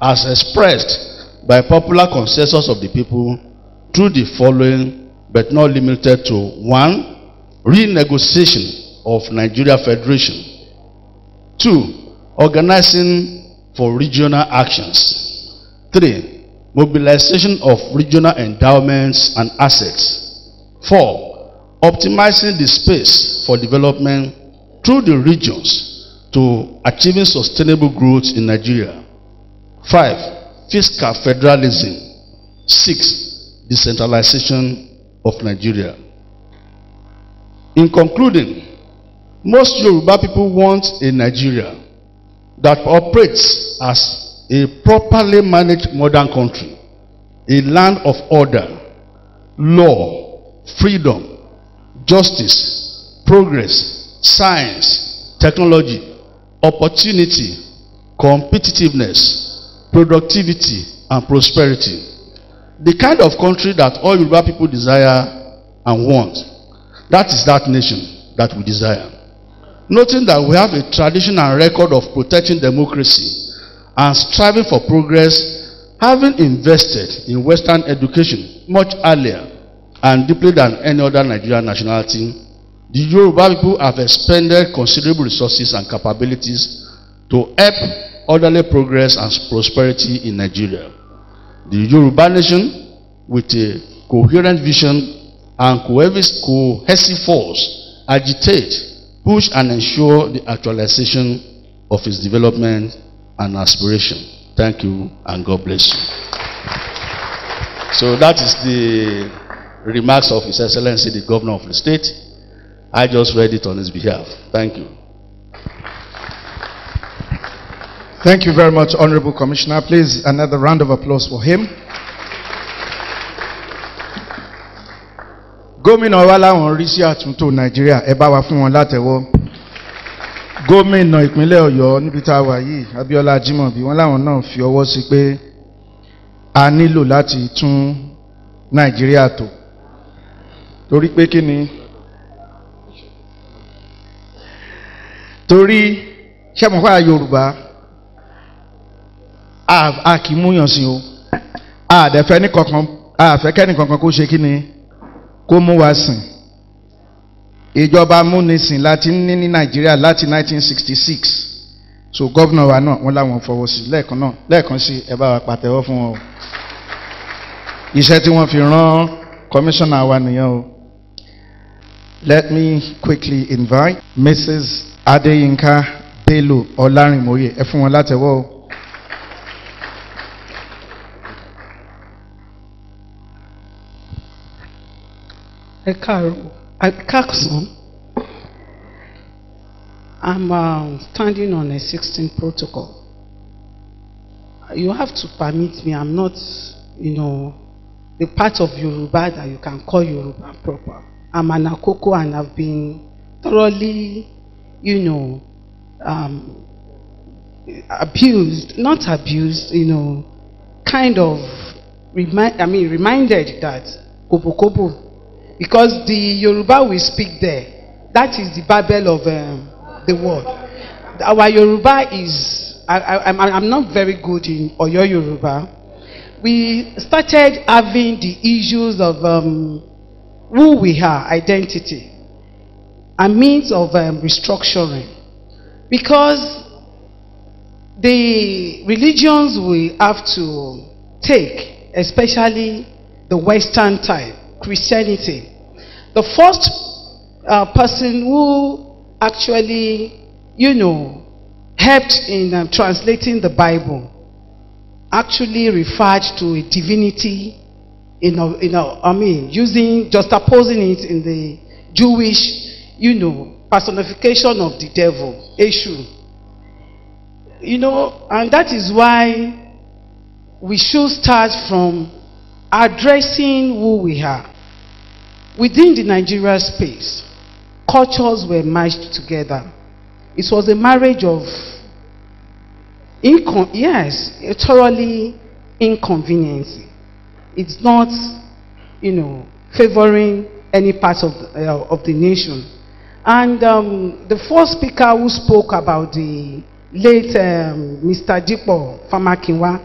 as expressed by popular consensus of the people through the following but not limited to one renegotiation of Nigeria Federation two organizing for regional actions three mobilization of regional endowments and assets Four, optimizing the space for development through the regions to achieving sustainable growth in Nigeria. Five, fiscal federalism. Six, decentralization of Nigeria. In concluding, most Yoruba people want a Nigeria that operates as a properly managed modern country, a land of order, law, freedom, justice, progress, science, technology, opportunity, competitiveness, productivity, and prosperity. The kind of country that all Yoruba people desire and want. That is that nation that we desire. Noting that we have a tradition and record of protecting democracy and striving for progress, having invested in Western education much earlier and deeply than any other Nigerian nationality, the Yoruba people have expended considerable resources and capabilities to help orderly progress and prosperity in Nigeria. The Yoruba nation, with a coherent vision and cohesive force, agitate, push and ensure the actualization of its development and aspiration. Thank you and God bless you. So that is the remarks of His Excellency the Governor of the State. I just read it on his behalf. Thank you. Thank you very much, Honorable Commissioner. Please, another round of applause for him. Gómìnà wa láwọn rí sí àtúntò Nàìjíríà ẹ bá wa fún wọn látẹ̀wọ́. Gómìnà ìpínlẹ̀ Ọ̀yọ́ níbi tá a wà yìí Abíọ́lá Jimobi wọn láwọn náà fi ọwọ́ sí pé a nílò láti tún Nàìjíríà tò torí pé kí ni torí sẹ́mọ̀fà Yorùbá a kì í múyàn sí o a dẹ̀fẹ́ ní kankan a fẹ́ kẹ́ni kankan kó ṣe kí ni kó mú wa sìn ìjọba amúnisìn láti ní ní Nàìjíríà láti 1966 so gómìnà wa náà wọn làwọn fọwọ́ sí lẹ́ẹ̀kan náà lẹ́ẹ̀kan sí ẹ bá wa pàtẹ́wọ́ fún wọn o iṣẹ́ tí wọ́n fi rán kọmíṣánná wa nìyẹn o Let me quickly invite Mrs. Adeyinka Bello Olarinmoye. Ẹ fún wọn látẹ̀wọ́ o. Ẹ káàsán. I'm um, standing on a 16 protocol. You have to permit me. I'm not, you know, the part of Yoruba that you can call Yoruba proper. I'm um, an Akoko and I've been thoroughly, you know, um, abused, not abused, you know, kind of remind, I mean, reminded that kobo kobo, because the Yoruba we speak there, that is the Bible of um, the world. Our Yoruba is, I, I, I'm, I'm not very good in Oyo Yoruba. We started having the issues of um, who we are, identity, a means of um, restructuring. Because the religions we have to take, especially the Western type, Christianity, the first uh, person who actually, you know, helped in um, translating the Bible actually referred to a divinity you know, in know, I mean, using, juxtaposing it in the Jewish, you know, personification of the devil, issue. You know, and that is why we should start from addressing who we are. Within the Nigeria space, cultures were merged together. It was a marriage of, yes, a thoroughly inconveniences. It's not, you know, favoring any part of the, uh, of the nation. And um, the first speaker who spoke about the late um, Mr. Jipo Famakinwa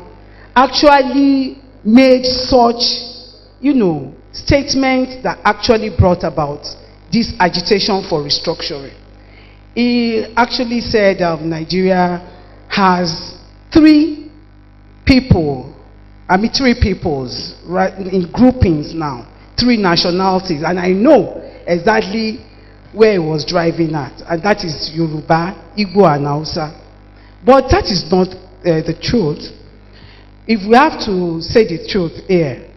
actually made such, you know, statements that actually brought about this agitation for restructuring. He actually said um, Nigeria has three people I mean, three peoples, right, in groupings now, three nationalities, and I know exactly where he was driving at, and that is Yoruba, Igbo, and Hausa. But that is not uh, the truth. If we have to say the truth here,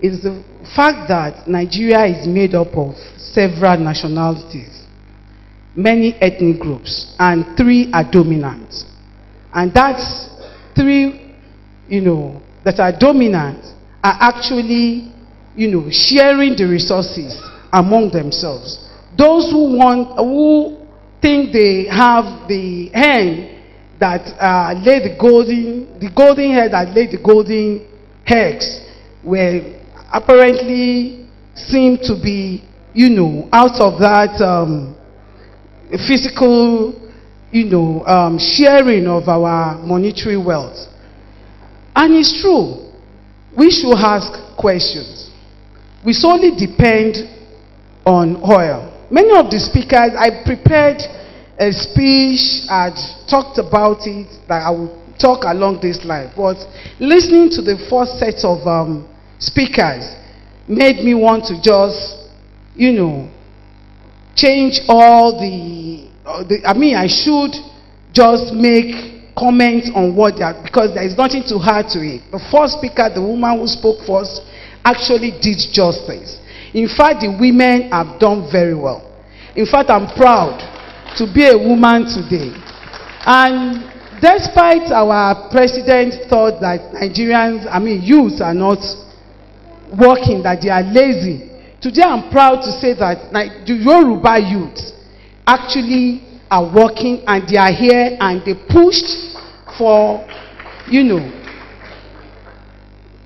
it's the fact that Nigeria is made up of several nationalities, many ethnic groups, and three are dominant. And that's three, you know, that are dominant are actually, you know, sharing the resources among themselves. Those who want, who think they have the hand that uh, laid the golden, the golden head that laid the golden eggs, were apparently seem to be, you know, out of that um, physical, you know, um, sharing of our monetary wealth. And it's true, we should ask questions. We solely depend on oil. Many of the speakers, I prepared a speech, I talked about it, that I will talk along this line. But listening to the first set of um, speakers made me want to just, you know, change all the, uh, the I mean, I should just make comment on what they are, because there is nothing to add to it. The first speaker, the woman who spoke first, actually did justice. In fact, the women have done very well. In fact, I'm proud to be a woman today. And despite our president thought that Nigerians, I mean, youths are not working, that they are lazy, today I'm proud to say that like, the Yoruba youth actually are working and they are here and they pushed for, you know,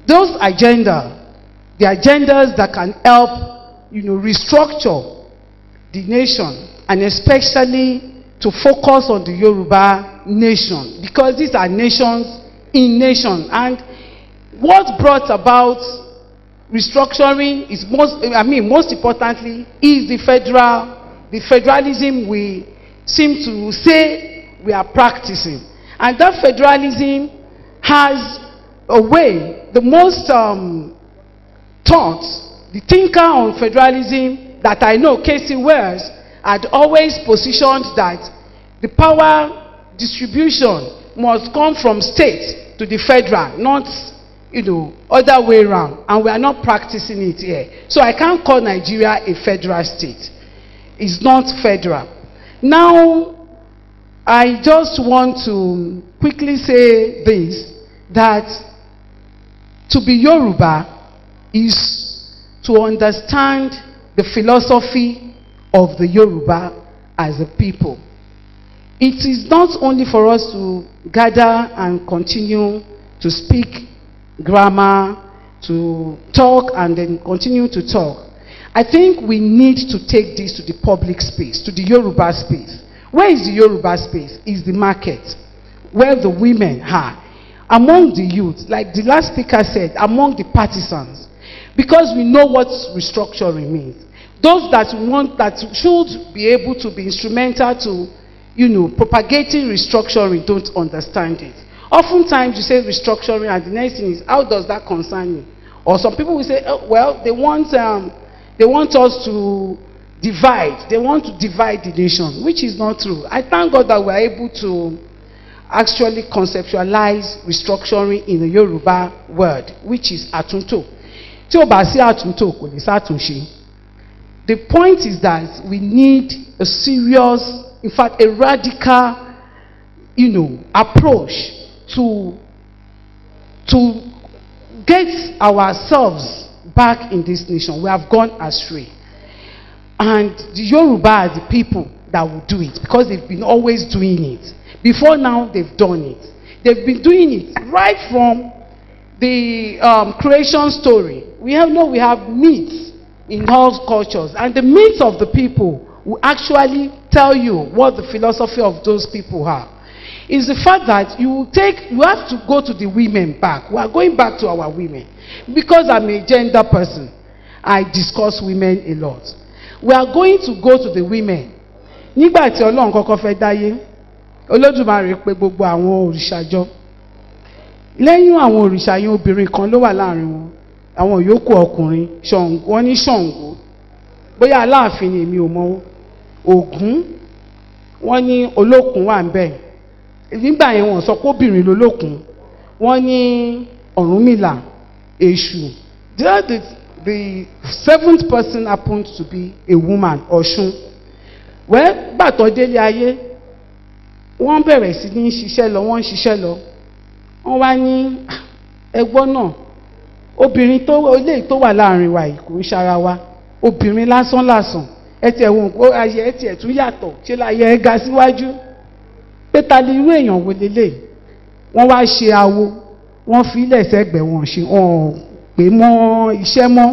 those agenda, the agendas that can help, you know, restructure the nation and especially to focus on the Yoruba nation because these are nations in nation and what brought about restructuring is most, I mean, most importantly, is the federal, the federalism we seem to say we are practicing. And that federalism has a way, the most um, taught, the thinker on federalism that I know, Casey Wells, had always positioned that the power distribution must come from state to the federal, not you know, other way around. And we are not practicing it here. So I can't call Nigeria a federal state. It's not federal. Now, I just want to quickly say this that to be Yoruba is to understand the philosophy of the Yoruba as a people. It is not only for us to gather and continue to speak grammar, to talk and then continue to talk. I think we need to take this to the public space, to the Yoruba space. Where is the Yoruba space? Is the market where the women are. Among the youth, like the last speaker said, among the partisans. Because we know what restructuring means. Those that want, that should be able to be instrumental to, you know, propagating restructuring don't understand it. Oftentimes you say restructuring and the next thing is, how does that concern you? Or some people will say, oh, well, they want um, they want us to divide. They want to divide the nation, which is not true. I thank God that we are able to actually conceptualize restructuring in the Yoruba word, which is atunto. Tí o bá sí àtúntò kò lè sàtúnṣe. The point is that we need a serious, in fact, a radical, you know, approach to to get ourselves back in this nation. We have gone astray. And the Yoruba are the people that will do it because they've been always doing it. Before now, they've done it. They've been doing it right from the um, creation story. We have no, we have myths in all cultures, and the myths of the people will actually tell you what the philosophy of those people are. is the fact that you take you have to go to the women back. We are going back to our women because I'm a gender person. I discuss women a lot. We are going to go to the women. Nígbà tí Ọlọ́run kọ́kọ́ fẹ́ dáyé, Olódùmarè pè gbogbo àwọn òrìṣà jọ. Lẹ́yìn àwọn òrìṣà yẹn obìnrin kan ló wà láàrin wọn. Àwọn yòókù ọkùnrin wọ́n ní Ṣàngó. Bóyá Aláàfin ni èmi ò mọ̀ Ògún wọ́n ní Olókun wà ń bẹ̀ nígbà yẹn wọ́n sọ kóbìnrin lólókun wọ́n ní Ọ̀rúnmìlà èṣù there the the seventh person happened to be a woman Ọ̀ṣun wẹ́ẹ́ gbàtọ́ délé ayé wọ́n bẹ̀rẹ̀ sí ní ṣiṣẹ́ lọ wọ́n ń ṣiṣẹ́ lọ wọ́n wá ní ah, ẹgbọ́n náà obìnrin tó ilé tó wà láàrin wa yìí kò ń ṣara wa obìnrin lásán lásán ẹ tiẹ̀ wò ó ayẹ ẹ tiẹ̀ tún yàtọ̀ ṣe láyẹ ẹ ga síwájú. Si pé ta ni irú èèyàn wo lélẹ̀ wọ́n wá ṣe awo wọ́n fi ilẹ̀ sẹ́gbẹ̀ẹ́ wọn ṣe wọn pé mọ́ iṣẹ́ mọ́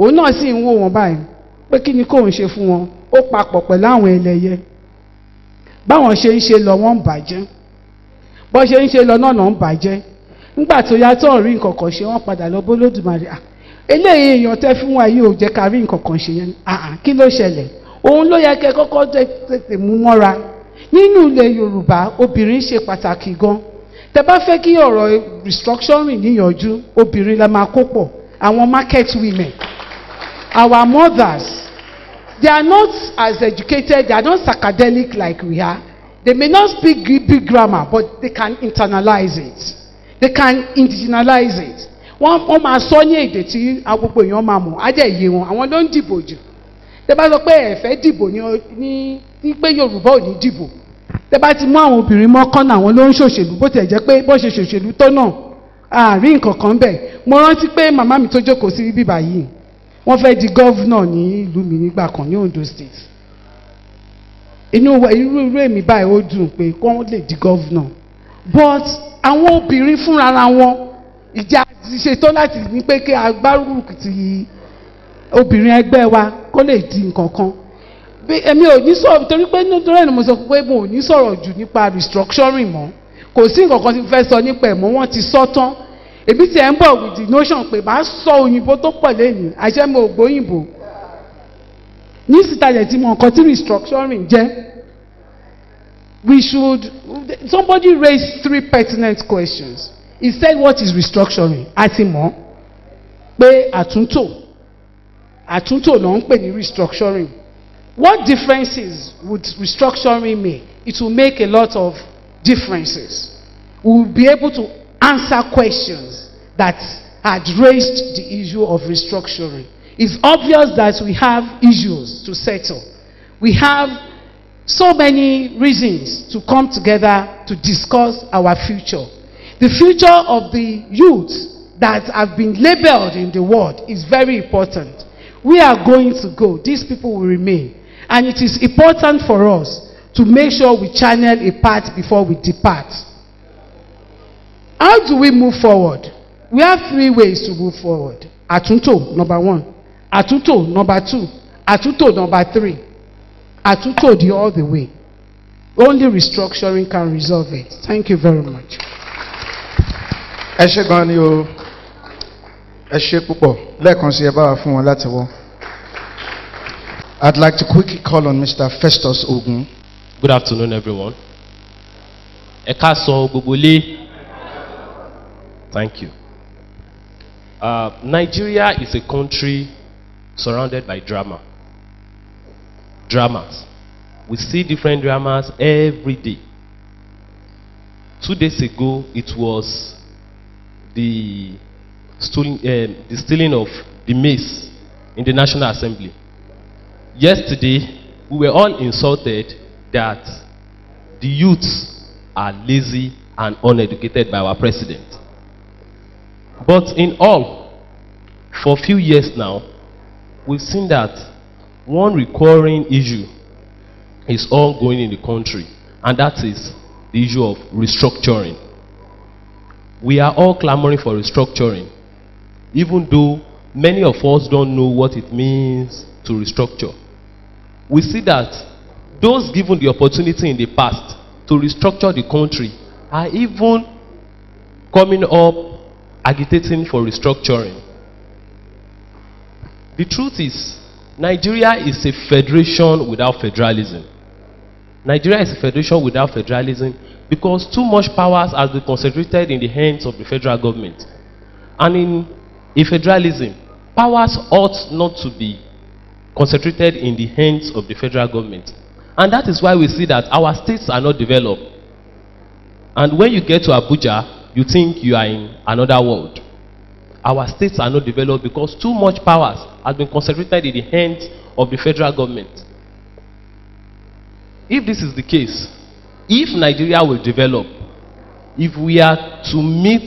òun náà sì ń wò wọ́n báyìí pé kí ni kóun ṣe fún wọn ó papọ̀ pẹ̀lú àwọn ẹlẹ́yẹ báwọn ṣe ń ṣe lọ wọ́n ń bàjẹ́ bọ́n ṣe ń ṣe lọ náà ń bàjẹ́ nígbà tó yá tó ń rí nǹkan kan ṣe wọ́n padà lọ bólódùmarè à eléyìí èèyàn tẹ́ fún wa yìí ò jẹ́ ká rí nǹkan kan ṣe yẹn àà kí ló ṣẹlẹ̀ òun ló yẹ kẹ́ kọ́kọ́ tètè mú mọ́ra nínú ilẹ̀ yorùbá obìnrin ṣe pàtàkì gan tẹ bá fẹ́ kí ọ̀rọ̀ restructuring níyànjú obìnrin la máa kó pọ̀ àwọn market women our mothers they are not as educated they are not academic like we are they may not speak big grammar but they can internalize it they can indigenalize it wọ́n wọ́n máa sọ ní èdè tí gbogbo èèyàn máa mọ̀ á jẹ́ iye wọn àwọn ló ń dìbò jù tẹ bá sọ pé ẹ dìbò ní wípé Yorùbá ò ní dìbò tẹ bá ti mú àwọn obìnrin mọ́ kọ́nà àwọn ló ń ṣòṣèlú bó tẹ̀ jẹ́ pé bó ṣe ṣòṣèlú tó náà àárín nǹkan kan bẹ̀ mo rántí pé màmá mi tó jókòó sí bíbà yìí wọ́n fẹ́ di gọ́vnà ní ìlú mi nígbà kan ní Ondo State inú irú irú èmi báyìí ó dùn pé kó wọ́n lè di gọ́vnà but àwọn obìnrin fúnra wọn ìjà ti ṣetán láti ní pé kí agbárùkù ti obìnrin ẹgbẹ́ wa kó lè di nǹkan kan èmi ò ní sọ̀rọ̀ torí pé nítorí ẹni mo sọ pé mo ò ní sọ̀rọ̀ jù nípa restructuring mọ́ kò sí nǹkan kan tí fẹ́ sọ nípa ẹ̀ mọ́ wọ́n ti sọ tán èmi ti ẹ̀ ń bọ̀ with the notion pé màá sọ òyìnbó tó pọ̀ lẹ́yìn àṣẹ mo ò gbóyìnbó ní ìsìtàlẹ̀ tí mo nǹkan tí restructuring jẹ́ we should somebody raise three pertinent questions he said what is restructuring àti mọ̀ pé àtúntò àtúntò ló ń pè ní restructuring What differences would restructuring make? It will make a lot of differences. We will be able to answer questions that had raised the issue of restructuring. It's obvious that we have issues to settle. We have so many reasons to come together to discuss our future. The future of the youth that have been labeled in the world is very important. We are going to go. These people will remain. And it is important for us to make sure we channel a path before we depart. How do we move forward? We have three ways to move forward. Atuto number one. Atuto number two. Atuto number three. Atuto the all the way. Only restructuring can resolve it. Thank you very much. Ẹ ṣé gan ni o. Ẹ ṣé púpọ̀. Lẹ́ẹ̀kan sí ẹ bá wa fún wọn láti wọ́n. I'd like to quickly call on Mr. Festus Ogun. Good afternoon, everyone. Thank you. Uh, Nigeria is a country surrounded by drama. Dramas. We see different dramas every day. Two days ago, it was the, stealing, uh, the stealing of the maize in the National Assembly. Yesterday, we were all insulted that the youths are lazy and uneducated by our president. But in all, for a few years now, we've seen that one recurring issue is ongoing in the country, and that is the issue of restructuring. We are all clamoring for restructuring, even though many of us don't know what it means to restructure we see that those given the opportunity in the past to restructure the country are even coming up agitating for restructuring. The truth is, Nigeria is a federation without federalism. Nigeria is a federation without federalism because too much powers has been concentrated in the hands of the federal government. And in a federalism, powers ought not to be concentrated in the hands of the federal government. And that is why we see that our states are not developed. And when you get to Abuja, you think you are in another world. Our states are not developed because too much powers has been concentrated in the hands of the federal government. If this is the case, if Nigeria will develop, if we are to meet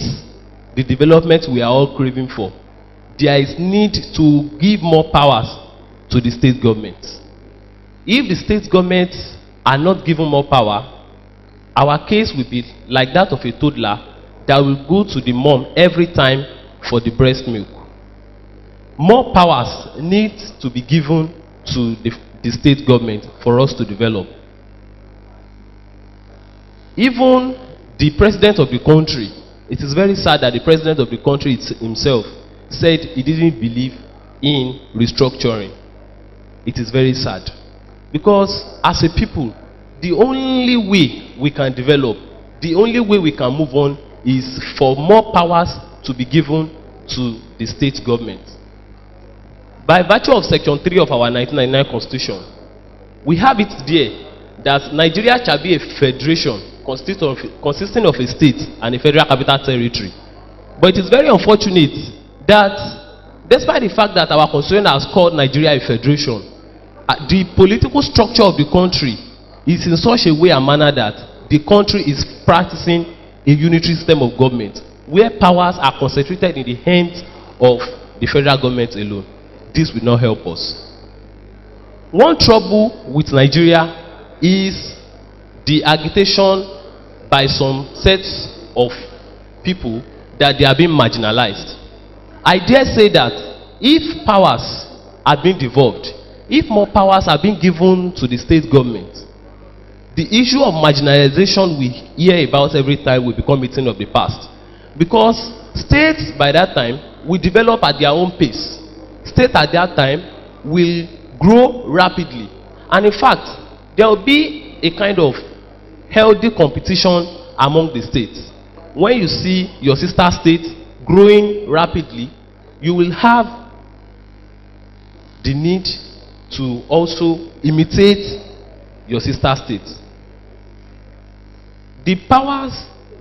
the development we are all craving for, there is need to give more powers to the state government. If the state government are not given more power, our case will be like that of a toddler that will go to the mom every time for the breast milk. More powers need to be given to the, the state government for us to develop. Even the president of the country, it is very sad that the president of the country himself said he didn't believe in restructuring it is very sad. Because as a people, the only way we can develop, the only way we can move on is for more powers to be given to the state government. By virtue of Section 3 of our 1999 Constitution, we have it there that Nigeria shall be a federation consisting of a state and a federal capital territory. But it is very unfortunate that despite the fact that our constitution has called Nigeria a federation, uh, the political structure of the country is in such a way and manner that the country is practicing a unitary system of government where powers are concentrated in the hands of the federal government alone. This will not help us. One trouble with Nigeria is the agitation by some sets of people that they are being marginalized. I dare say that if powers are being devolved if more powers are being given to the state government, the issue of marginalization we hear about every time will become a thing of the past. Because states by that time will develop at their own pace. States at that time will grow rapidly. And in fact, there will be a kind of healthy competition among the states. When you see your sister state growing rapidly, you will have the need to also imitate your sister states, The powers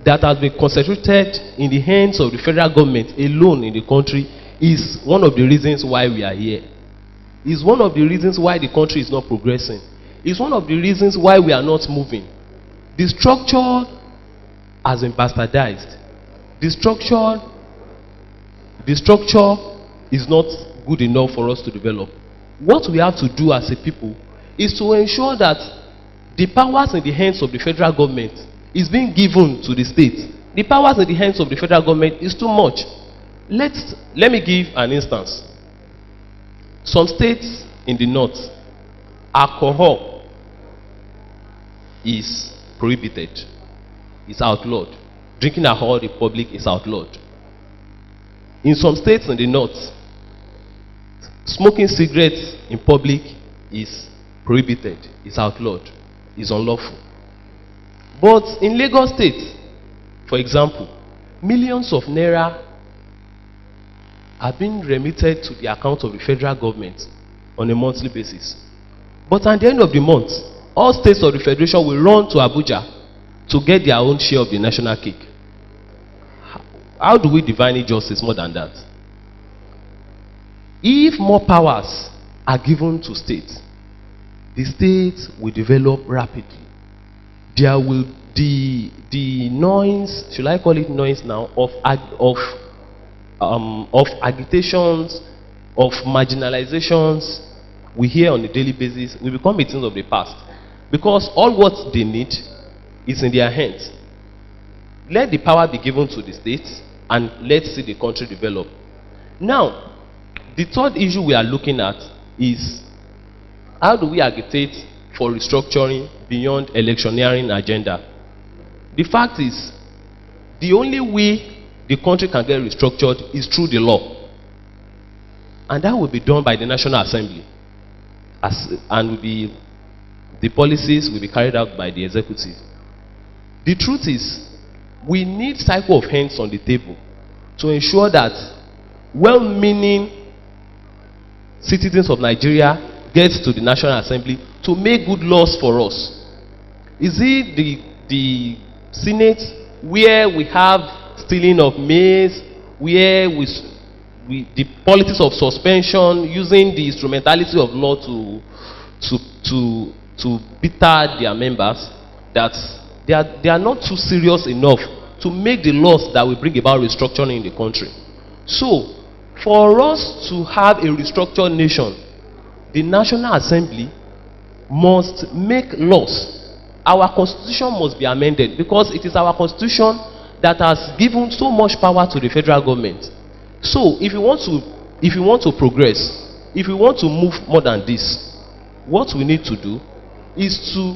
that has been concentrated in the hands of the federal government alone in the country is one of the reasons why we are here. It's one of the reasons why the country is not progressing. It's one of the reasons why we are not moving. The structure has been bastardized. The structure, the structure is not good enough for us to develop what we have to do as a people is to ensure that the powers in the hands of the federal government is being given to the states. The powers in the hands of the federal government is too much. Let's, let me give an instance. Some states in the north, alcohol is prohibited, it's outlawed. Drinking alcohol in public is outlawed. In some states in the north, Smoking cigarettes in public is prohibited, is outlawed, is unlawful. But in Lagos State, for example, millions of naira are being remitted to the account of the federal government on a monthly basis. But at the end of the month, all states of the federation will run to Abuja to get their own share of the national cake. How do we divine justice more than that? If more powers are given to states, the states will develop rapidly. There will be the noise, should I call it noise now, of of um, of agitations, of marginalizations we hear on a daily basis will become a thing of the past because all what they need is in their hands. Let the power be given to the states and let's see the country develop. Now, the third issue we are looking at is how do we agitate for restructuring beyond electioneering agenda? The fact is, the only way the country can get restructured is through the law. And that will be done by the National Assembly. As, and will be, the policies will be carried out by the executive. The truth is, we need cycle of hands on the table to ensure that well-meaning citizens of Nigeria get to the National Assembly to make good laws for us? Is it the, the Senate where we have stealing of maize, where we, we, the politics of suspension, using the instrumentality of law to, to, to, to bitter their members, that they are, they are not too serious enough to make the laws that will bring about restructuring in the country. So, for us to have a restructured nation, the National Assembly must make laws. Our constitution must be amended because it is our constitution that has given so much power to the federal government. So if you want to if you want to progress, if you want to move more than this, what we need to do is to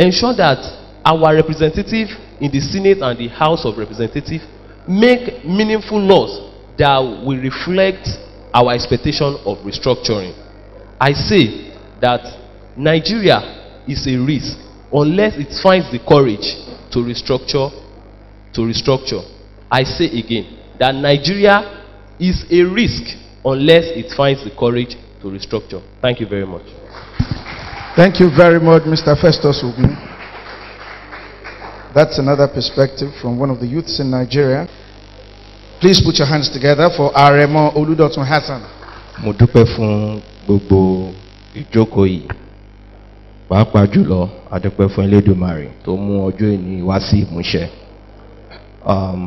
ensure that our representative in the Senate and the House of Representatives make meaningful laws that will reflect our expectation of restructuring. I say that Nigeria is a risk unless it finds the courage to restructure to restructure. I say again that Nigeria is a risk unless it finds the courage to restructure. Thank you very much. Thank you very much, Mr. Festus Ugun. That's another perspective from one of the youths in Nigeria. Please put your hands together for Aremo Oludotun Hassan. Mo dúpẹ́ fún gbogbo ìjókòó yìí. Pàápàá jùlọ, a dúpẹ́ fún Elédùmarè tó mú ọjọ́ ìní wá sí ìmúṣẹ. Um,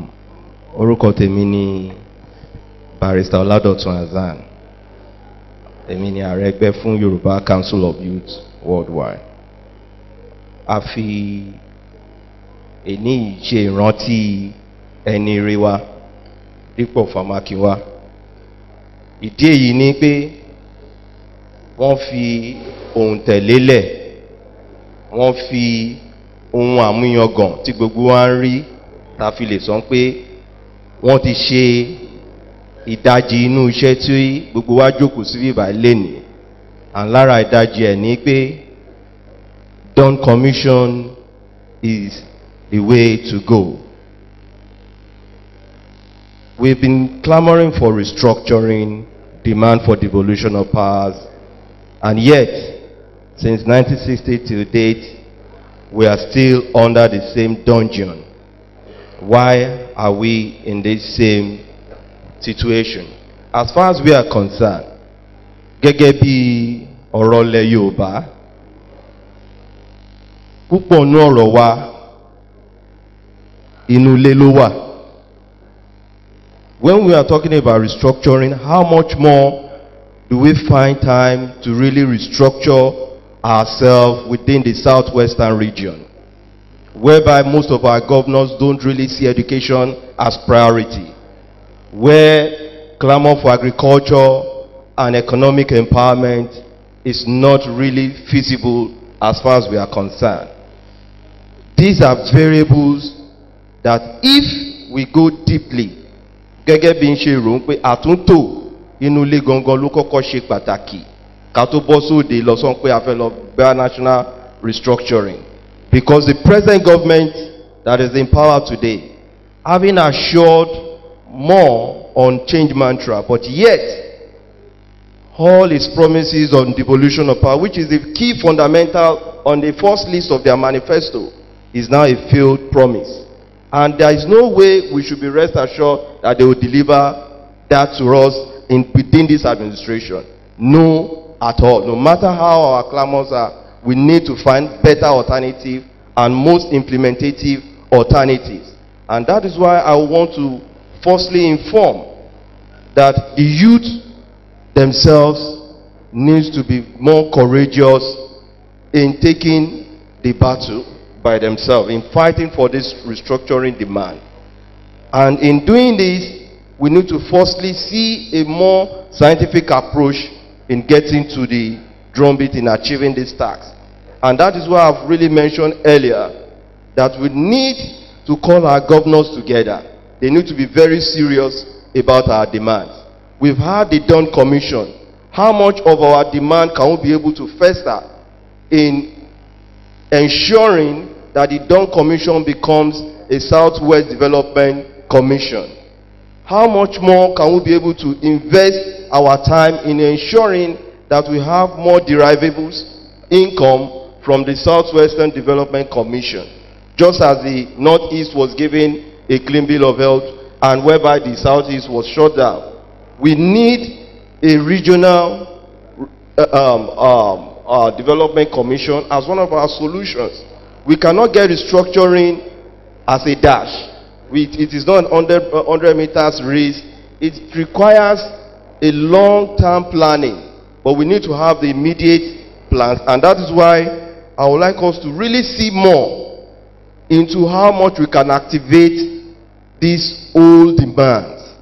orúkọ tèmi ni Barista Oládọ̀tun Hassan. Èmi ni ààrẹ ẹgbẹ́ fún Yorùbá Council of Youth Worldwide. A fi èní ìṣe ìrántí ẹni rí wa dípò famakiwa ìdí èyí ni pé wọ́n fi òǹtẹ̀lélẹ̀ wọ́n fi ohun àmúyangàn tí gbogbo wa ń rí ta fi lè sọ pé wọ́n ti ṣe ìdajì inú iṣẹ́ tí gbogbo wa jókòó sí bíbá lénìí and lára ìdajì ẹ̀ ni pé don commission is the way to go. We've been clamoring for restructuring, demand for devolution of powers, and yet, since 1960 to date, we are still under the same dungeon. Why are we in this same situation? As far as we are concerned, gẹ́gẹ́ orole yoba, ilẹ̀ Yorùbá, wa inú when we are talking about restructuring, how much more do we find time to really restructure ourselves within the southwestern region, whereby most of our governors don't really see education as priority, where clamor for agriculture and economic empowerment is not really feasible as far as we are concerned. These are variables that if we go deeply gẹ́gẹ́ bí n ṣe rò ó pé àtúntò inú ilé gangan ló kọ́kọ́ ṣe pàtàkì ká tó bọ́ sóde lọ sọ pé a fẹ́ lọ gba national restructuring because the present government that is in power today having assured more on change mantra but yet all his promises on devolution of power, which is the key fundamental on the first list of their manifesto, is now a failed promise. And there is no way we should be rest assured that they will deliver that to us in, within this administration. No, at all. No matter how our clamors are, we need to find better alternative and most implementative alternatives. And that is why I want to firstly inform that the youth themselves needs to be more courageous in taking the battle by themselves in fighting for this restructuring demand. And in doing this, we need to firstly see a more scientific approach in getting to the drumbeat in achieving this task. And that is why I've really mentioned earlier that we need to call our governors together. They need to be very serious about our demands. We've had the Don Commission. How much of our demand can we be able to fester in ensuring that the Don Commission becomes a Southwest Development Commission. How much more can we be able to invest our time in ensuring that we have more derivables income from the Southwestern Development Commission, just as the Northeast was given a clean bill of health and whereby the Southeast was shut down. We need a regional um, um, uh, Development Commission as one of our solutions. We cannot get restructuring as a dash. We, it is not 100, 100 meters race. It requires a long-term planning, but we need to have the immediate plans, and that is why I would like us to really see more into how much we can activate these old demands.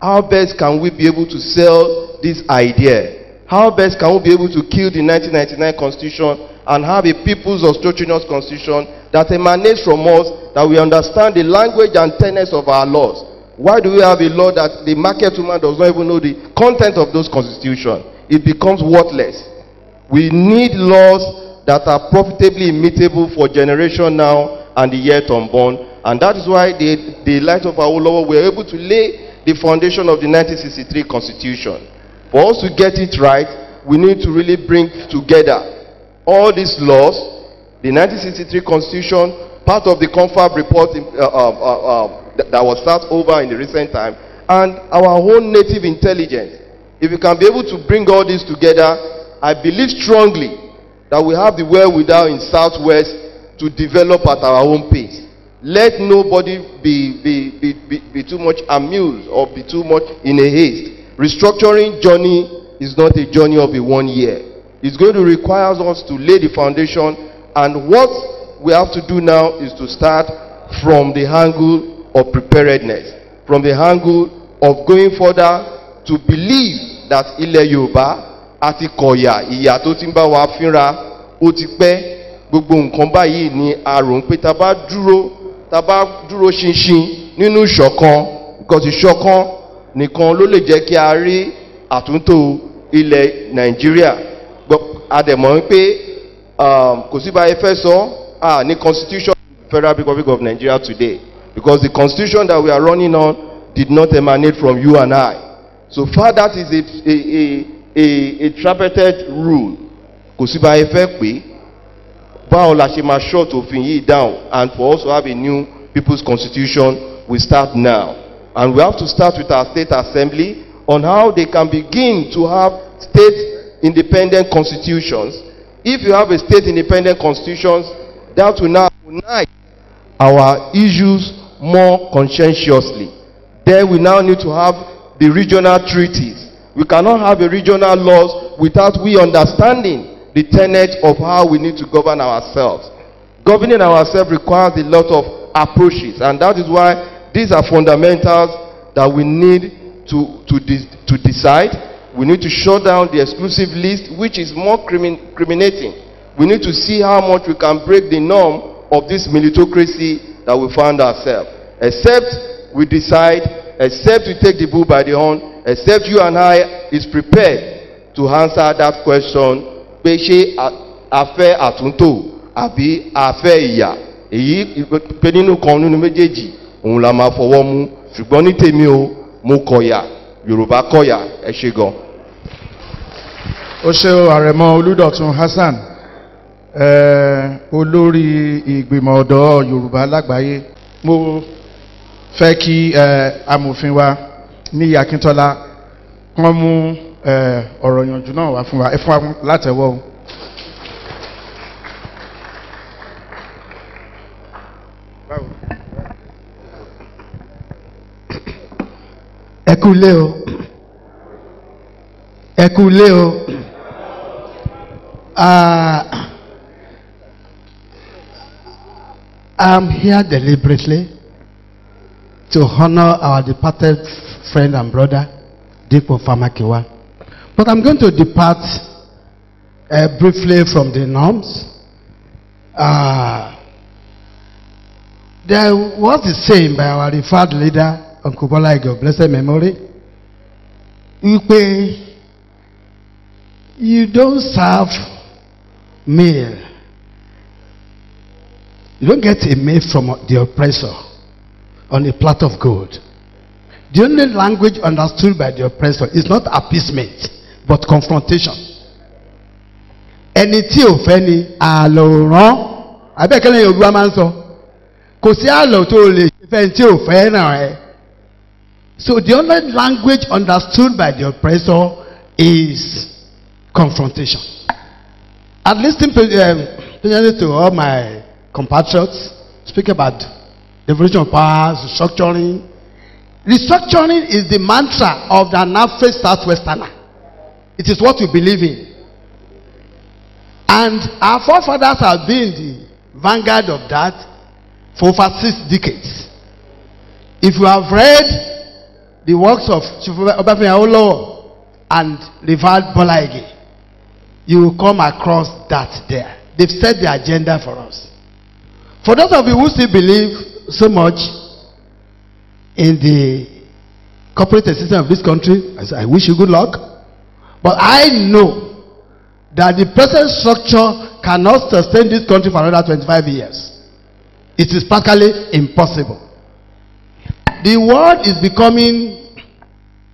How best can we be able to sell this idea? How best can we be able to kill the 1999 constitution and have a people's obstructionist constitution that emanates from us that we understand the language and tenets of our laws? Why do we have a law that the market woman does not even know the content of those constitution? It becomes worthless. We need laws that are profitably immutable for generation now and the yet unborn. And that is why the, the light of our law we are able to lay the foundation of the 1963 constitution. For us to get it right, we need to really bring together all these laws, the 1963 Constitution, part of the CONFAB report in, uh, uh, uh, uh that was sat over in the recent time, and our own native intelligence. If we can be able to bring all this together, I believe strongly that we have the without in Southwest to develop at our own pace. Let nobody be, be, be, be, be too much amused or be too much in a haste. Restructuring journey is not a journey of a one year. It's going to require us to lay the foundation and what we have to do now is to start from the angle of preparedness, from the angle of going further to believe that ilẹ̀ Yorùbá àti kọ̀yà ìyà tó ti ń bá wa fínra ó ti pẹ́ gbogbo nǹkan báyìí ni a rò ń pé ta bá dúró ta bá dúró ṣinṣin nínú ìṣọ̀kan because ìṣọ̀kan nìkan ló lè jẹ́ kí a rí àtúntò ilẹ̀ nàìjíríà adẹ̀mọ́ wípé um, kò sí báyìí fẹ́ sọ ah ní constitution of federal republic of nigeria today because the constitution that we are running on did not emanate from you and i so far that is a a a a, a trumpeted rule kò sí báyìí fẹ́ pé báwo la ṣe máa short òfin yìí down and for us to have a new people's constitution we start now. And we have to start with our state assembly on how they can begin to have state independent constitutions. If you have a state independent constitutions, that will now unite our issues more conscientiously. Then we now need to have the regional treaties. We cannot have a regional laws without we understanding the tenet of how we need to govern ourselves. Governing ourselves requires a lot of approaches, and that is why These are fundamentals that we need to, to, de to decide. We need to shut down the exclusive list, which is more crimin criminating. We need to see how much we can break the norm of this meritocracy that we found ourselves. Except we decide, except we take the bull by the horn, except you and I is prepared to answer that question pé ṣé a fẹ́ àtúntò àbí a fẹ́ ìyà èyí kan nínú méjèèjì òun la máa fọwọ́ mú ṣùgbọ́n ní tèmi o mo kọ̀yà yorùbá kọ̀yà ẹ ṣe gan. ó ṣe àrẹ̀mọ olùdọ̀tun Hassan olórí ìgbìmọ̀ ọ̀dọ́ yorùbá lágbàáyé mo fẹ́ kí amòfin wa ní Akíntọ́lá wọ́n mú ọ̀rọ̀ ìyànjú náà wá fún wa ẹ fún wa látẹ̀wọ́ o. ẹ kú lé o ẹ kú lé o ah, I'm here deliberately to honour our departed friend and brother Dipo Famakiwa. But I'm going to depart uh, briefly from the norms. Uh, there was a saying by our revered leader Uncle Bola Ige blessed memory wípé you don't serve meal you don't get a meal from the oppressor on a plate of gold the only language understood by the oppressor is not appeasement but confrontation ẹni tí ò fẹ́ ni àlòrán abẹ́kẹ́lẹ́ yorùbá máa ń sọ kò sí àlò tó lè ṣe fẹ́ tí ò fẹ́ náà ẹ. So the only language understood by the oppressor is confrontation. At least, um, to all my compatriots speak about devolution of power, restructuring. Restructuring is the mantra of the Anafre Southwesterner. It is what we believe in. And our forefathers have been the vanguard of that for over six decades. If you have read the works of Obafemi Awolowo and revered Bola you will come across that there. They've set the agenda for us. For those of you who still believe so much in the corporate system of this country, I, say, I wish you good luck. But I know that the present structure cannot sustain this country for another twenty-five years. It is practically impossible. the world is becoming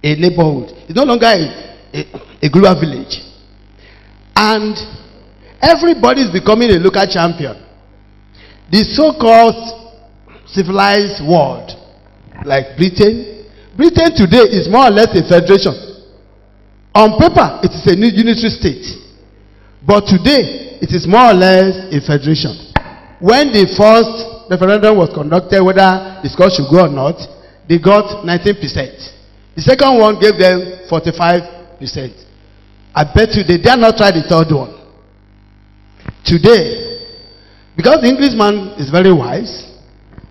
a neighborhood. It's no longer a, a, a global village. And everybody is becoming a local champion. The so-called civilized world, like Britain, Britain today is more or less a federation. On paper, it is a unitary state. But today, it is more or less a federation. When the first referendum was conducted, whether the Scots should go or not, they got 19%. The second one gave them 45%. I bet you they dare not try the third one. Today, because the Englishman is very wise,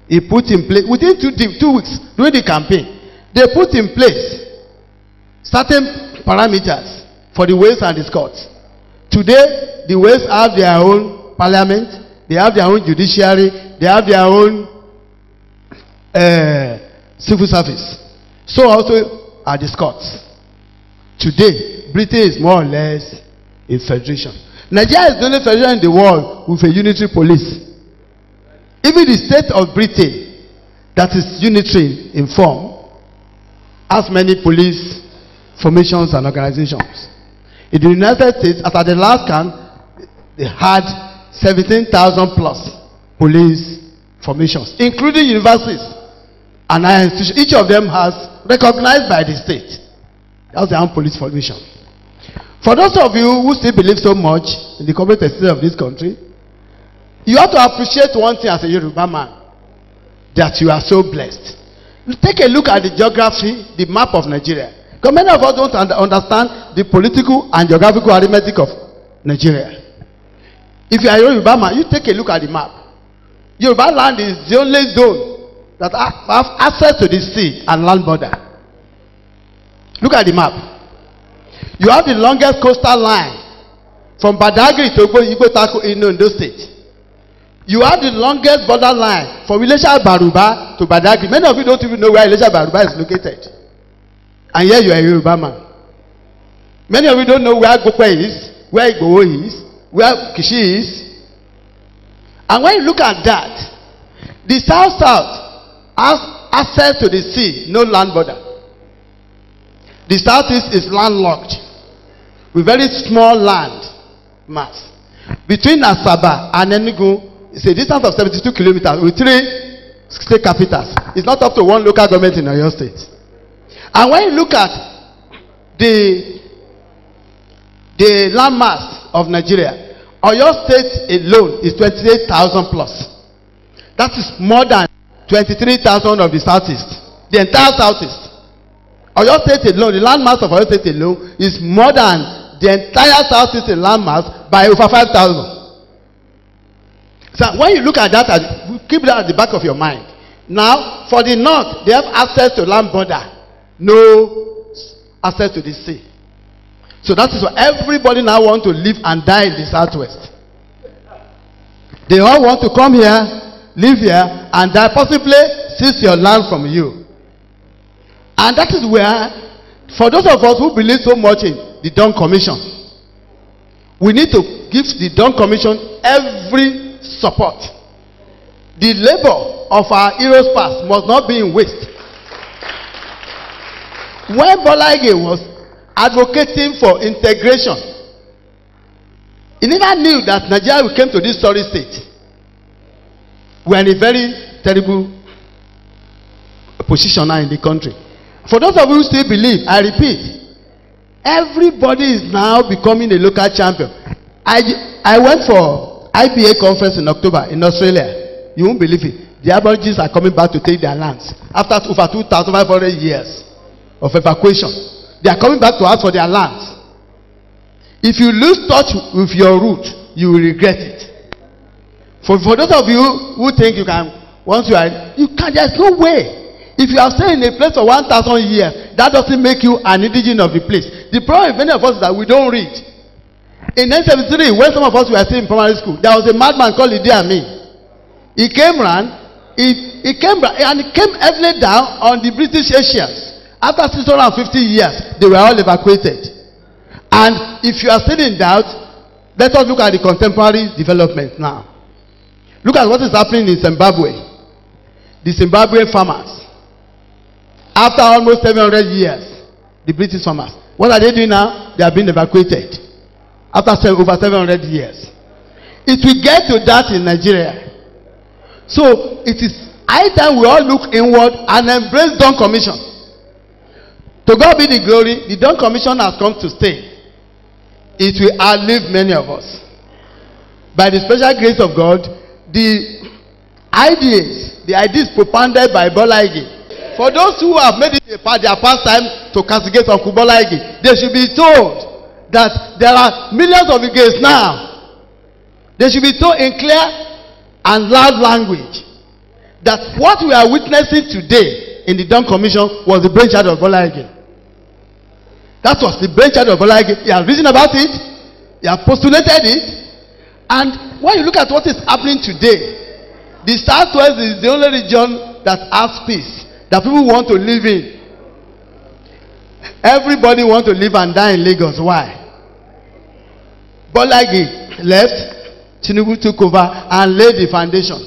he put in place, within two, two weeks during the campaign, they put in place certain parameters for the Wales and the Scots. Today, the Wales have their own parliament, they have their own judiciary, they have their own uh, civil service. So also are the Scots. Today, Britain is more or less a federation. Nigeria is the only federation in the world with a unitary police. Even the state of Britain, that is unitary in form, has many police formations and organizations. In the United States, as the last count, they had 17,000 plus police formations, including universities. and our institution each of them has recognized by the state that's the armed police formation for those of you who still believe so much in the corporate existence of this country you have to appreciate one thing as a yoruba man that you are so blessed take a look at the geography the map of nigeria because many of us don't understand the political and geographical arithmetic of nigeria if you are a yoruba man you take a look at the map yoruba land is the only zone that have access to the sea and land border. Look at the map. You have the longest coastal line from Badagry to Igbotako in Ondo State. You have the longest border line from Ilesha Baruba to Badagry. Many of you don't even know where Ilesha Baruba is located. And here you are a Yoruba man. Many of you don't know where Gokwe is, where Igboho is, where Kishi is. And when you look at that, the South South has access to the sea, no land border. The southeast is landlocked with very small land mass. Between Asaba and Enugu, it's a distance of 72 kilometers with three state capitals. It's not up to one local government in Oyo State. And when you look at the, the land mass of Nigeria, Oyo State alone is 28,000 plus. That is more than twenty-three thousand of the southeast the entire southeast Oyo State alone the landmass of Oyo State alone is more than the entire southeast in landmass by over five thousand so when you look at that keep that at the back of your mind now for the north they have access to land border no access to the sea so that is why everybody now wants to live and die in the southwest they all want to come here live here, and that possibly seize your land from you. And that is where, for those of us who believe so much in the Don Commission, we need to give the Don Commission every support. The labor of our heroes past must not be in waste. When Bola was advocating for integration, he never knew that Nigeria came to this sorry state. We are in a very terrible position now in the country. For those of you who still believe, I repeat, everybody is now becoming a local champion. I, I went for IPA conference in October in Australia. You won't believe it. The Aborigines are coming back to take their lands after over 2,500 years of evacuation. They are coming back to ask for their lands. If you lose touch with your root, you will regret it. For, for those of you who think you can, once you are, you can, there's no way. If you are staying in a place for 1,000 years, that doesn't make you an indigenous of the place. The problem with many of us is that we don't read. In 1973, when some of us were still in primary school, there was a madman called Idi Amin. He came round, he, he came and he came heavily down on the British Asians. After 650 years, they were all evacuated. And if you are still in doubt, let us look at the contemporary development now. Look at what is happening in Zimbabwe. The Zimbabwe farmers. After almost 700 years, the British farmers. What are they doing now? They are being evacuated. After over 700 years. It will get to that in Nigeria. So it is high time we all look inward and embrace Don Commission. To God be the glory, the Don Commission has come to stay. It will outlive many of us. By the special grace of God, the ideas, the ideas propounded by Bola For those who have made it their first time to castigate Uncle Bola they should be told that there are millions of Iges now. They should be told in clear and loud language that what we are witnessing today in the Don Commission was the brainchild of Bola That was the brainchild of Bola You He has written about it. He has postulated it. And when you look at what is happening today, the Southwest is the only region that has peace, that people want to live in. Everybody want to live and die in Lagos. Why? Bolagi left, Tinubu took over and laid the foundation.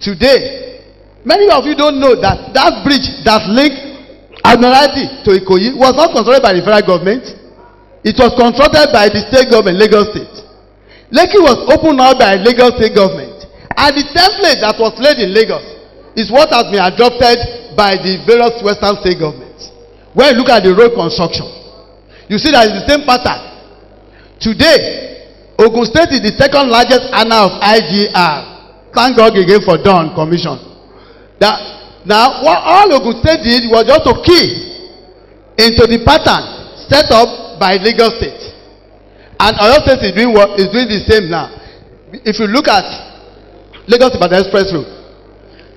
Today, many of you don't know that that bridge that link Admiralty to Ikoyi was not controlled by the federal government. It was controlled by the state government, Lagos State. Lekki was opened up by Lagos state government. And the template that was laid in Lagos is what has been adopted by the various western state governments. When you look at the road construction, you see that it's the same pattern. Today, Ogun State is the second largest owner of IGR. Thank God again for Don Commission. That, now, what all Ogun State did was just to key into the pattern set up by Lagos State. And Oyo State is doing is doing the same now. If you look at Lagos Ibadan Express Road,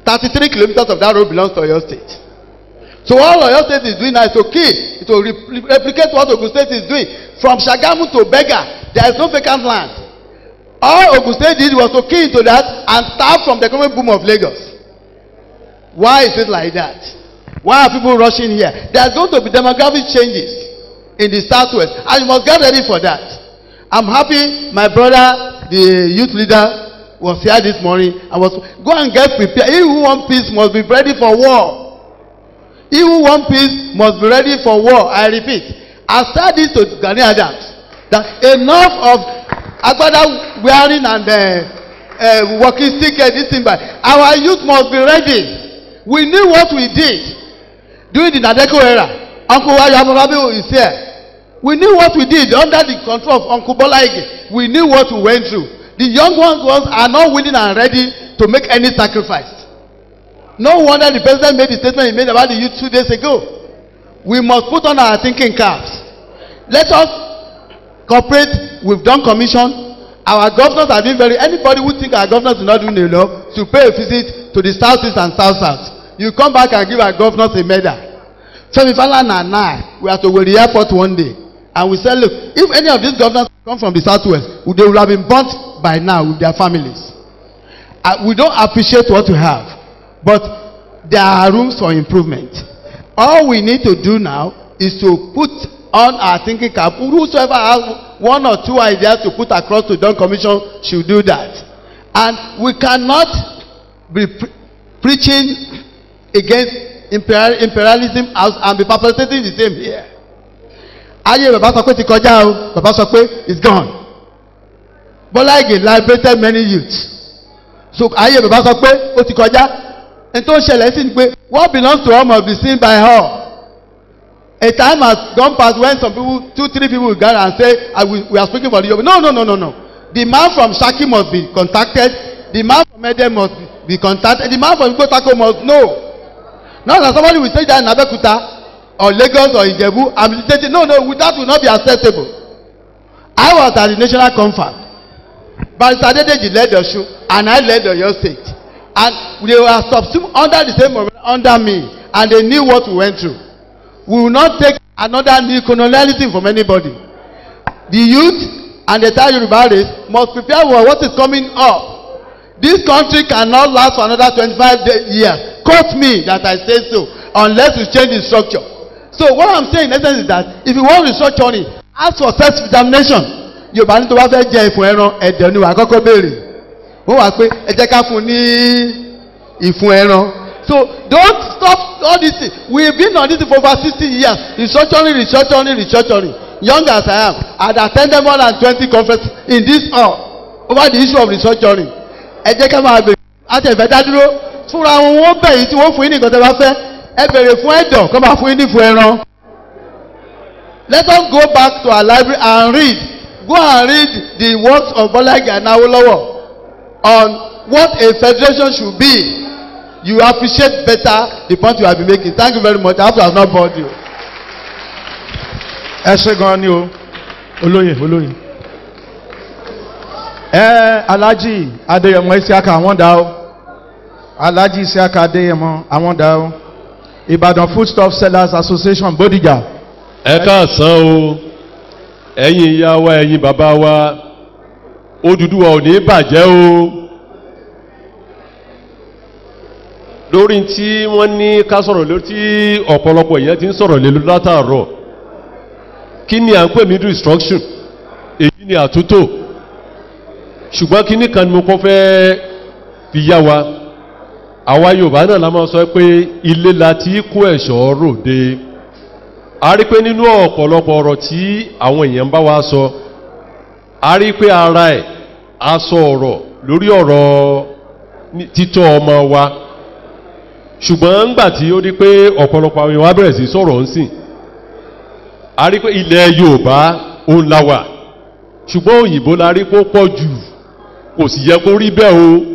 33 kilometers of that road belongs to Oyo State. So all Oyo State is doing now is to keep, to replicate what Ogun State is doing. From Shagamu to Bega, there is no vacant land. All Ogun State did was to key into that and start from the economic boom of Lagos. Why is it like that? Why are people rushing here? There is going to be demographic changes in the southwest, and you must get ready for that. I'm happy my brother, the youth leader, was here this morning. I was go and get prepared. Even one piece must be ready for war. Even one piece must be ready for war. I repeat. I said this to Ghanaian Adams that enough of agbada wearing and uh, uh, walking stick and this thing by our youth must be ready we knew what we did during the nadeko era uncle wayo amurabi is here We knew what we did under the control of Uncle Bola We knew what we went through. The young ones, ones are not willing and ready to make any sacrifice. No wonder the president made the statement he made about the youth two days ago. We must put on our thinking caps. Let us cooperate with Don Commission. Our governors are doing very. Anybody who think our governors is not doing enough to pay a visit to the south east and south south. You come back and give our governors a medal. Femi Falana and I, we are to go to the Airport one day. And we said, look, if any of these governors come from the southwest, they would have been burnt by now with their families. Uh, we don't appreciate what we have, but there are rooms for improvement. All we need to do now is to put on our thinking cap. Whosoever has one or two ideas to put across to the commission should do that. And we cannot be pre preaching against imperial imperialism and be perpetrating the same here. ayé bàbá sọ pé ti kọjá o bàbá sọ pé it's gone Bọ́lá Ìgè liberated many youths so ayé bàbá sọ pé ó ti kọjá n tó ṣẹlẹ̀ sí ni pé what belongs to all must be seen by all a time has gone past when some people two three people will gather and say I will, we are speaking for the yoruba no no no no no the man from Shaki must be contacted the man from Ede must be contacted the man from Igbotako must know now that somebody will say that in Abeokuta or Lagos or Ijebu, habilitated. No, no, that will not be acceptable. I was at the national conference. but Dedeji led the show, and I led the your state. And they were subsumed under the same under me, and they knew what we went through. We will not take another new colonialism from anybody. The youth and the entire Yoruba race must prepare for what is coming up. This country cannot last for another 25 years. Quote me that I say so, unless we change the structure. so what i'm saying in essence is that if you wan research on ask for self examination yorùbá ní tó bá fẹ́ jẹ ìfun ẹran ẹ̀dẹ̀ ni wàá kọ́kọ́ béèrè wọ́n wàá pé ẹ jẹ́ ká fún un ní ìfun ẹran so don't stop all this thing we been on this for over sixty years Research research researching research researching young as i am i had attended more than twenty conferences in this hall over the issue of researching ẹ jẹ́ ká máa béèrè àti ẹ̀fẹ́ dádúró fúnra wọn wọ́n bẹ̀ yìí tí wọ́n fún yín nìkan tẹ́ bá fẹ́ ẹ bèrè fún ẹ̀jọ̀ kọ́ máa fún yín nífun ẹran. let us go back to our library and read go and read the works of bolaji anawolowo on what a federation should be you appreciate better the point you have been making thank you very much i hope i have not bored you. ẹ ṣe gan ni o olóyè olóyè ẹ alhaji adeyemo isiaka àwọn dá o alhaji isiaka adeyemo àwọn dá o. Ìbàdàn Foodstuff Sellers Association Bódìjà. Ẹ káàsán o, ẹ̀yin ìyá wa ẹ̀yin bàbá wa, Odùduwà ò ní bàjẹ́ o. Lórí tí wọ́n ní ká sọ̀rọ̀ lórí tí ọ̀pọ̀lọpọ̀ èèyàn ti ń sọ̀rọ̀ lé látàárọ̀. Kí ni à ń pè mí do instruction? Èyí ni àtúntò. Ṣùgbọ́n kí ní kan ni mo kọ́ fẹ́ fi yá wa àwa yorùbá náà la máa sọ pé ilé la ti kó ẹ̀ṣọ́ ròde a rí pé nínú ọ̀pọ̀lọpọ̀ ọ̀rọ̀ tí àwọn èèyàn bá wa sọ a rí pé ara ẹ̀ a sọ ọ̀rọ̀ lórí ọ̀rọ̀ títọ́ ọmọ wa ṣùgbọ́n ńgbà tí ó di pé ọ̀pọ̀lọpọ̀ àwọn èèyàn wa bẹ̀rẹ̀ sí sọ̀rọ̀ ń sìn a rí pé ilẹ̀ yorùbá ó ń la wà ṣùgbọ́n òyìnbó la rí pé ó pọ̀ jù kò sì yẹ kó rí bẹ́ẹ̀ o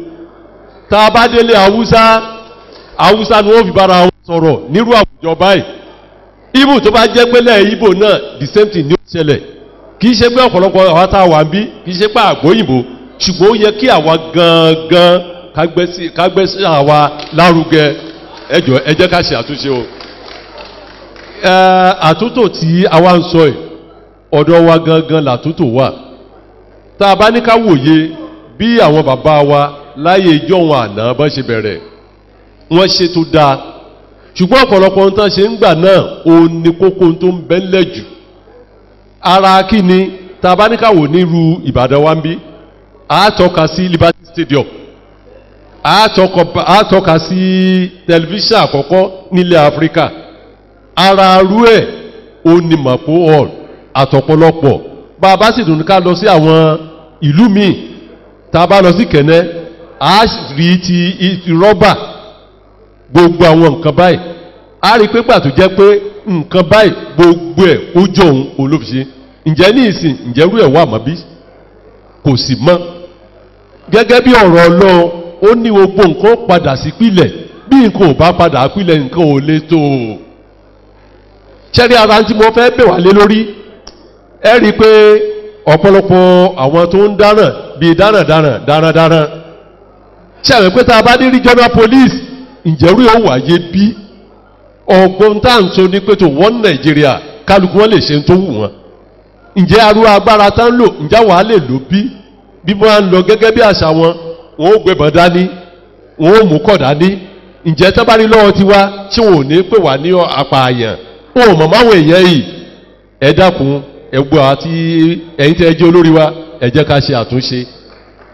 tá a bá délé haúsá haúsá ni wọ́n fi bára wọn sọ̀rọ̀ nírú àwùjọ báyìí ibo tó bá jẹ́ pẹ́lẹ́ ibo náà the same thing ni ó ṣẹlẹ̀ kì í ṣe pé ọ̀pọ̀lọpọ̀ àwọn tá a wà ń bí kì í ṣe pé àgbóyìnbó ṣùgbọ́n ó yẹ kí àwa gangan kágbẹ́sí àwa lárugẹ ẹjọ ẹjẹ ká ṣe àtúnṣe o àtúntò tí àwa ń sọ ẹ ọ̀dọ̀ wa gangan làtúntò wà tá a bá ní ká wòye bí àwọn bàbá wa láyé ìjọun àná bọ́n ṣe bẹ̀rẹ̀ wọ́n ṣe tó dáa ṣùgbọ́n ọ̀pọ̀lọpọ̀ ohun tán ṣe ń gbà náà òun ni kókó tó ń bẹ́lẹ̀ jù ara kí ni tabaníkàwò nírú Ìbàdàn wa ń bí àátọ́ka sí Liberty Stadium àátọ́ka sí tẹlifíṣàn àkọ́kọ́ nílẹ̀ Áfíríkà ara rú ẹ̀ ó ní màpó hall àtọ̀pọ̀lọpọ̀ bá sì dùn ká lọ sí àwọn ìlú míì tá a bá lọ sí Kẹ̀nẹ́ a rí ti rọ́bà gbogbo àwọn nǹkan báyìí a rí pé gbà tó jẹ́ pé nǹkan báyìí gbogbo ẹ̀ ó jọ òun ǹjẹ́ ní ìsìn ǹjẹ́ rú ẹ̀ wà mọ́ bí kò sì mọ́ gẹ́gẹ́ bí ọ̀rọ̀ ọlọ́run ó ní gbogbo nǹkan padà sí bí nǹkan o ṣẹ́rí ara tí mo fẹ́ bẹ̀ wá lé lórí ẹ rí i pé ọ̀pọ̀lọpọ̀ àwọn tó ń dáràn ṣe àwọn pé tá ní regional police ìjẹ́rú yóò wáyé bí ọgbọ́n tá à ń sọ ní pé tó wọ́n nàìjíríà kálukú wọn lè ṣe tó wù wọn ǹjẹ́ arú agbára tá ń lò ǹjẹ́ wàá lè lò bí bí wọ́n á lọ gẹ́gẹ́ bí àṣà wọn wọn ò gbẹ̀bọ̀n dání wọn ò mú kọ̀ dání ǹjẹ́ tá bá rí lọ́wọ́ tí wọn ò ní pè wá ní apààyàn wọn ò mọ̀ máwọn èèyàn yìí ẹ dákun ẹ gbọ́ àti ẹ̀yin tẹ́ ẹ jẹ́ olórí wa ẹ jẹ́ ká ṣe àtúnṣe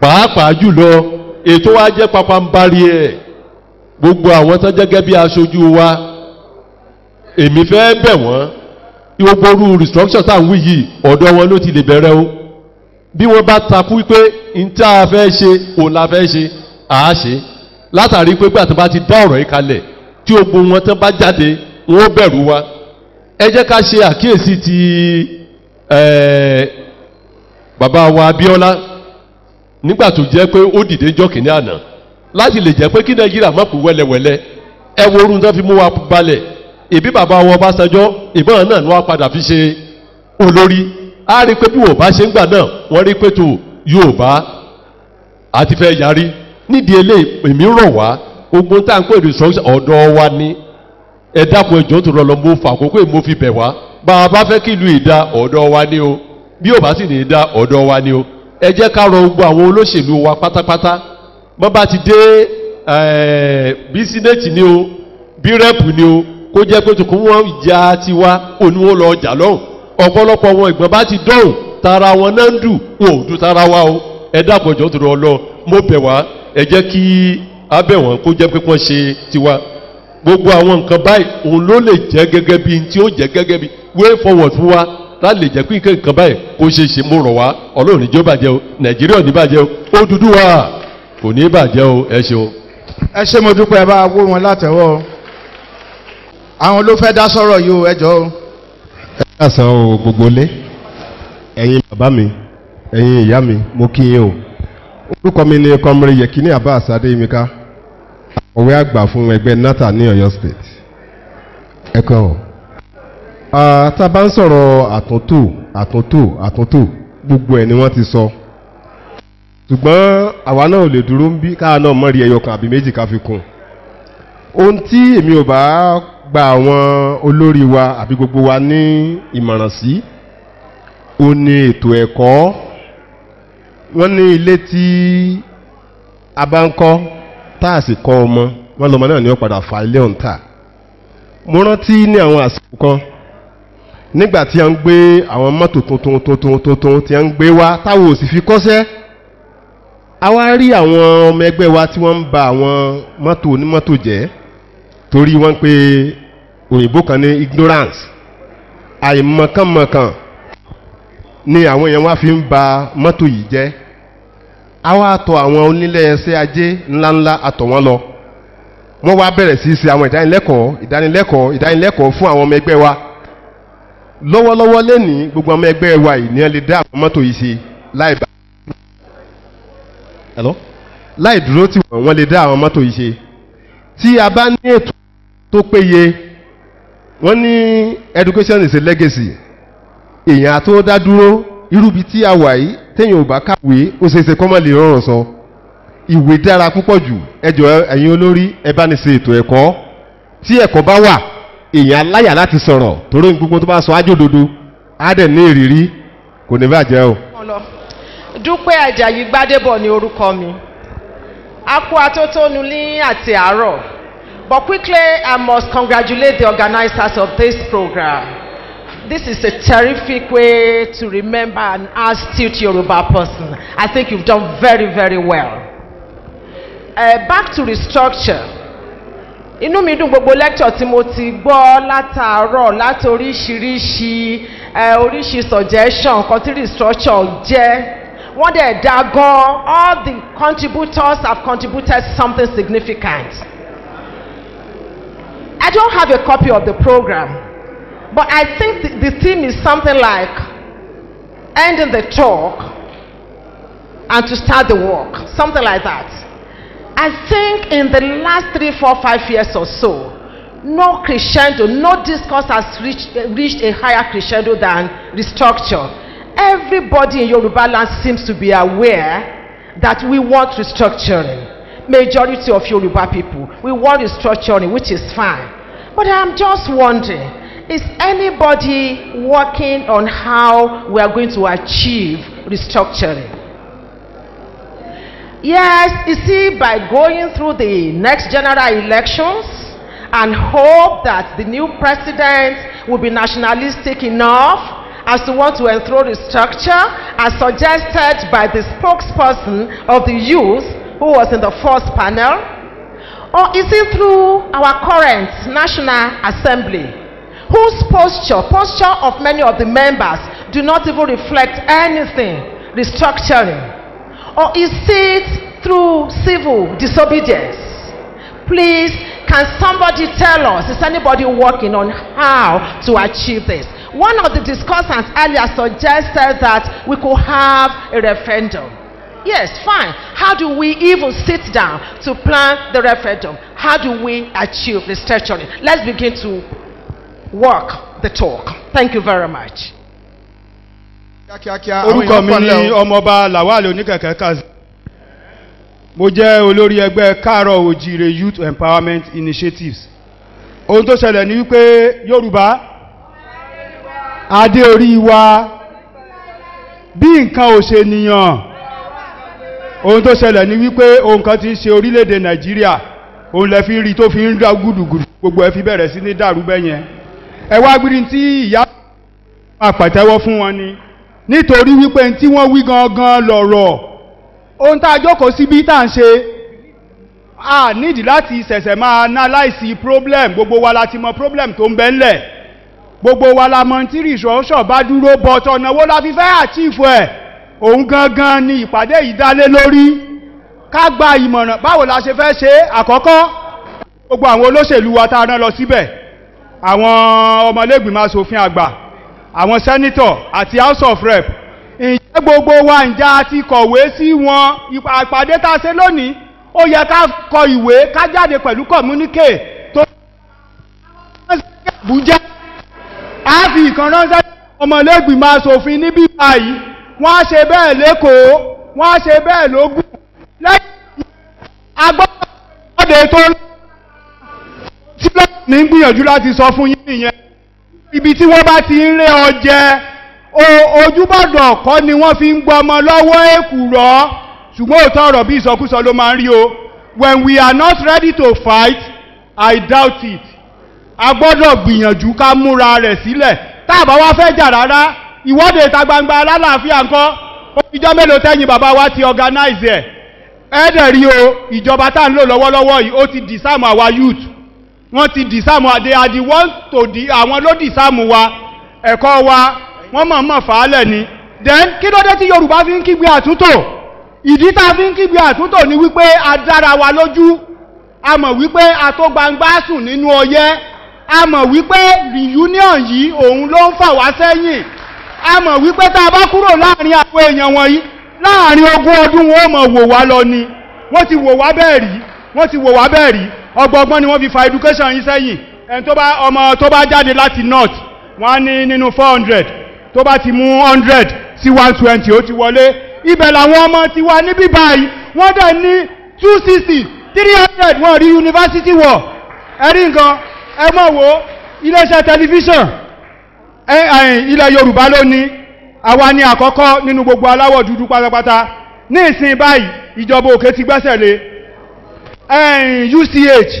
pàápàá jùlọ ètò wa jẹ́ papambari ẹ̀ gbogbo àwọn tán jẹ́gẹ́ bí aṣojú wa èmi fẹ́ bẹ̀ wọ́n gbogbo orú restructure tá à ń wí yìí ọ̀dọ̀ wọn ló ti lè bẹ̀rẹ̀ o bí wọ́n bá takú wípé n tí a fẹ́ ṣe òun la fẹ́ ṣe à á ṣe látàrí pé gbàtà bá ti dá ọ̀rọ̀ yìí kalẹ̀ tí gbogbo wọn tán bá jáde wọn bẹ̀rù wa ẹ jẹ́ ká ṣe àkíyèsí ti bàbá wa abiola nígbà tó jẹ́ pé ó dìde jọ́ kìíní àná láti lè jẹ́ pé kí nàìjíríà má kú wẹ́lẹ́wẹ́lẹ́ ẹ wo orun tó fi mú wa balẹ̀ ìbí bàbá wọn Ọbásanjọ́ ìbọn náà ni wọ́n padà fi ṣe olórí á rí pé bí wọ́n bá ṣe ń gbà náà wọ́n rí pé tó Yorùbá àti fẹ́ yarí nídìí eléyìí èmi rọ̀ wá ogun tá à ń pè ní sọ́ọ́sì ọ̀dọ́ wa ni ẹ dákun ẹjọ́ tó lọ́lọ́ mo fà àkókò mo fi bẹ̀ wá bá a bá fẹ́ kí ìlú ìdá ọ̀dọ́ wa ni o bí ò bá sì ní ìdá ọ̀dọ́ wa ni o ẹ jẹ́ ká rọ gbogbo àwọn olóṣèlú wa pátápátá bọ́n bá ti dé eh, bí sínéètì ni o bí rẹ́pù ni o kó jẹ́ pé tòkún wọn ìjà tiwa òní wọn lọ ọjà lọ́hùn ọ̀pọ̀lọpọ̀ wọn ìgbọ̀n bá ti dọ̀hùn tara wọn náà ń dù wọn ò dù tara wa o ẹ dàpọ̀jọ́ tó lọ lọ mo bẹ̀ wá ẹ jẹ́ kí abẹ́ wọn kó jẹ́ pé wọ́n ṣe tiwa gbogbo àwọn nǹkan báyìí òun ló lè jẹ́ gẹ́gẹ́ bí tí ó jẹ́ gẹ́gẹ́ bí way forward fún wa tá lè jẹ́ pé nǹkan nǹkan báyìí kó ṣe ṣe mo rọ̀ wá ọlọ́run níjọ́ bàjẹ́ o nàìjíríà ní bàjẹ́ o ó dúdú wa kò ní bàjẹ́ o ẹ ṣeun. ẹ ṣe mo dúpẹ́ bá wó wọn látẹ̀wọ́ àwọn ló fẹ́ dá sọ̀rọ̀ yìí o ẹ jọ o. ẹ káàsán o gbogbo lé ẹ̀yin bàbá mi ẹ̀yin ìyá mi mo kí yín o orúkọ mi ni kọmre yekini abbas adéyimika ọ̀wé àgbà fún ẹgbẹ́ nata ní ọ̀yọ́ state ẹ̀kọ́ o tá a bá ń sọ̀rọ̀ àtúntò àtúntò àtúntò gbogbo ẹ̀ ni wọ́n ti sọ ṣùgbọ́n àwa náà ò lè dúró ń bí káà náà mọ̀ rí ẹyọ kan àbí méjì ká fi kún ohun tí èmi ò bá gba àwọn olórí wa àbí gbogbo wa ní ìmọ̀ràn sí ó ní ètò ẹ̀kọ́ wọ́n ní ilé tí a bá ń kọ́ tá a sì kọ́ ọmọ wọ́n lọ́mọ náà ni ó padà fa ilé ọ̀ǹtà mo rántí ní àwọn àsìkò kan nígbà tí a ń gbé àwọn mọ́tò tuntun tuntun tuntun tí a ń gbé wá táwọn sì fi kọ́ṣẹ́ a wá rí àwọn ọmọ ẹgbẹ́ wa tí wọ́n ń ba àwọn mọ́tò onímọ́tò jẹ́ torí wọ́n ń pe òyìnbó kan ní ignorance àìmọ̀kànmọ̀kàn ni àwọn èèyàn wá fi ń ba mọ́tò yìí jẹ́ a wá tọ̀ àwọn onílẹ̀ ẹsẹ̀ ajé ńláńlá àtọ̀ wọn lọ wọ́n wá bẹ̀rẹ̀ sí í ṣe àwọn ìdánilẹ́kọ̀ọ́ ìdánilẹ́kọ̀ọ́ ìdánilẹ́kọ̀ọ́ fún àwọn ọmọ ẹgbẹ́ wa lọ́wọ́lọ́wọ́ lẹ́nìí gbogbo ọmọ ẹgbẹ́ wa yìí ni ẹ lè dá àwọn mọ́tò yìí ṣe láì bá hello láì dúró tì wọ́n wọ́n lè dá àwọn mọ́tò yìí ṣe tí a bá ní ètò tó péye wọ́n ní education is a legacy èèyàn tó dá dúró irúbi tí a wà yìí téèyàn ò bá kàwé ó ṣeéṣe kọ́ mọ́ lè rọrùn sọ ìwé dára púpọ̀ jù ẹ jọ̀ọ́ ẹ̀yin olórí ẹ bá ní ṣe ètò ẹ̀kọ́ tí ẹ̀kọ́ bá wà èèyàn láyà láti sọ̀rọ̀ torí gbogbo tó bá sọ ájòdodo á ní ìrírí kò ní bàjẹ́ o. dúpẹ́ ajayi gbádébọ̀ ni orúkọ mi a kú atótónu ní àti àárọ̀ but quickly I must congratulate the organisers of this program this is a terrific way to remember an astute Yoruba person I think you've done very very well. Uh, back to restructure inú mi dùn gbogbo lecture tí mo ti gbọ́ látàárọ̀ láti oríṣiríṣi oríṣi suggestion kan tí restructure jẹ́ wọ́n dẹ̀ dá gan all the contributors have contributed something significant. I don't have a copy of the program but I think the, the theme is something like ending the talk and to start the work something like that. I think in the last three, four, five years or so, no crescendo, no discourse has reached, reached a higher crescendo than restructure. Everybody in Yoruba land seems to be aware that we want restructuring. Majority of Yoruba people, we want restructuring, which is fine. But I'm just wondering, is anybody working on how we are going to achieve restructuring? Yes, you see, by going through the next general elections and hope that the new president will be nationalistic enough as to want to enthrone the structure as suggested by the spokesperson of the youth who was in the first panel? Or is it through our current National Assembly whose posture, posture of many of the members do not even reflect anything restructuring? or is it through civil disobedience? Please, can somebody tell us, is anybody working on how to achieve this? One of the discussants earlier suggested that we could have a referendum. Yes, fine. How do we even sit down to plan the referendum? How do we achieve the stature? Let's begin to work the talk. Thank you very much. orúkọ mi ni ọmọọba lawal oníkẹ̀kẹ́ kazi mo jẹ́ olórí ẹgbẹ́ káàrọ̀ òjìrè youth empowerment initiatives ohun tó ṣẹlẹ̀ ni wípé yorùbá adé orí wa bí nǹkan ò ṣe nìyàn ohun tó ṣẹlẹ̀ ni wípé ohun kan ti ń ṣe orílẹ̀-èdè nàìjíríà òun lẹ fi ń rí tó fi ń dá gùdùgùdù gbogbo ẹ fi bẹ̀rẹ̀ sí ní dàrú bẹ́yẹn ẹ wá gbìrì tí ìyá àpàtẹ́wọ́ fún wọn ni nítorí wípé tí wọ́n wí gangan lọ̀rọ̀ ohun tá a jókòó síbí tá à ń ṣe a nídìí láti ṣẹ̀ṣẹ̀ máa analyse problem gbogbo wa la ti mọ problem tó ń bẹ ńlẹ̀ gbogbo wa la mọ tí ìṣọ́ṣọ́ bá dúró bọ̀ tọ̀nàwó la fi fẹ́ àtìfù ẹ̀ òun gangan ni ìpàdé yìí dálé lórí ká gba ìmọ̀ràn báwo la ṣe fẹ́ ṣe àkọ́kọ́ gbogbo àwọn olóṣèlú wa tá a rán lọ síbẹ̀ àwọn ọmọlẹ́gbìmọ̀ asòfin àgbà àwọn sẹ́nítọ̀ àti house of rep ǹjẹ́ gbogbo wa ǹjẹ́ a ti kọ̀wé sí wọn ìpàdé tá a ṣe lónìí ó yẹ ká kọ ìwé ká jáde pẹ̀lú communique tó Àbújá a fi ìkan ránṣẹ́ ọmọlẹ́gbìmọ̀ asòfin níbí báyìí wọ́n á ṣe bẹ́ẹ̀ lẹ́kọ̀ọ́ wọ́n á ṣe bẹ́ẹ̀ lógún lẹ́yìn agbọ́dọ̀ tó ń gbìyànjú láti sọ fún yín nìyẹn ibi tí wọ́n bá ti ń ré ọ ojúbọ̀dọ̀ kọ́ ni wọ́n fi ń gbọmọ lọ́wọ́ èkùrọ́ ṣùgbọ́n òótọ́ ọ̀rọ̀ bí ìsọkúsọ ló máa ń rí o when we are not ready to fight i doubt it a gbọ́dọ̀ gbìyànjú ká múra rẹ̀ sílẹ̀ tá a bá wá fẹ́ jà rárá ìwọ́de ìta gbangba alálàáfíà ńkọ́ ìjọ mélòó tẹ́yìn bàbá wa ti organize ẹ̀ ẹ̀ẹ́dẹ̀ rí o ìjọba tá à ń lò lọ́wọ́lọ́wọ́ yìí ó ti dìsáàmù àwa youth wọ́n ti dìsáàmù àdé àdí wọ́n tó di àwọn ló dìsáàmù wa ẹ̀kọ́ wa wọ́n mọ̀ mọ̀ fàálẹ̀ ni then kí ló dé tí yorùbá fi ń kígbe àtúntò ìdí tá a fi ń kígbe àtúntò ni wípé a dára wa lójú a mọ̀ wípé a tó gbangba sùn nínú ọyẹ́ a mọ̀ wípé reunion yìí òun ló ń fà wá sẹ́yìn a mọ̀ wípé tá a bá kúrò láàrin àwọn èèyàn wọ̀nyí láàrin ogún ọdún wọn ò mọ̀ wò wá lọ ni wọ́n ti wò wá bẹ́ẹ̀ rí wọ́n ti wò wá bẹ́ẹ̀ rí ọgbọgbọ́n ni wọ́n fi fa education yìí sẹ́yìn ẹni tó bá ọmọ tó bá jáde láti north wọ́n ní nínú 400 tó bá ti mú 100 sí 120 ó ti wọlé ibẹ̀ làwọn ọmọ ti wà níbí báyìí wọ́n dẹ̀ ní 260 300 wọ́n rí yunifásitì wọ̀ ẹ̀rí nǹkan ẹ mọ̀ wo iléeṣẹ́ tẹlifíṣàn ilẹ̀ yorùbá ló ní àwa ni àkọ́kọ́ nínú gbogbo aláwọ̀ dúdú pátápátá ní ìsìn báyìí ìjọba òkè ti gbẹ́sẹ̀ lé UCH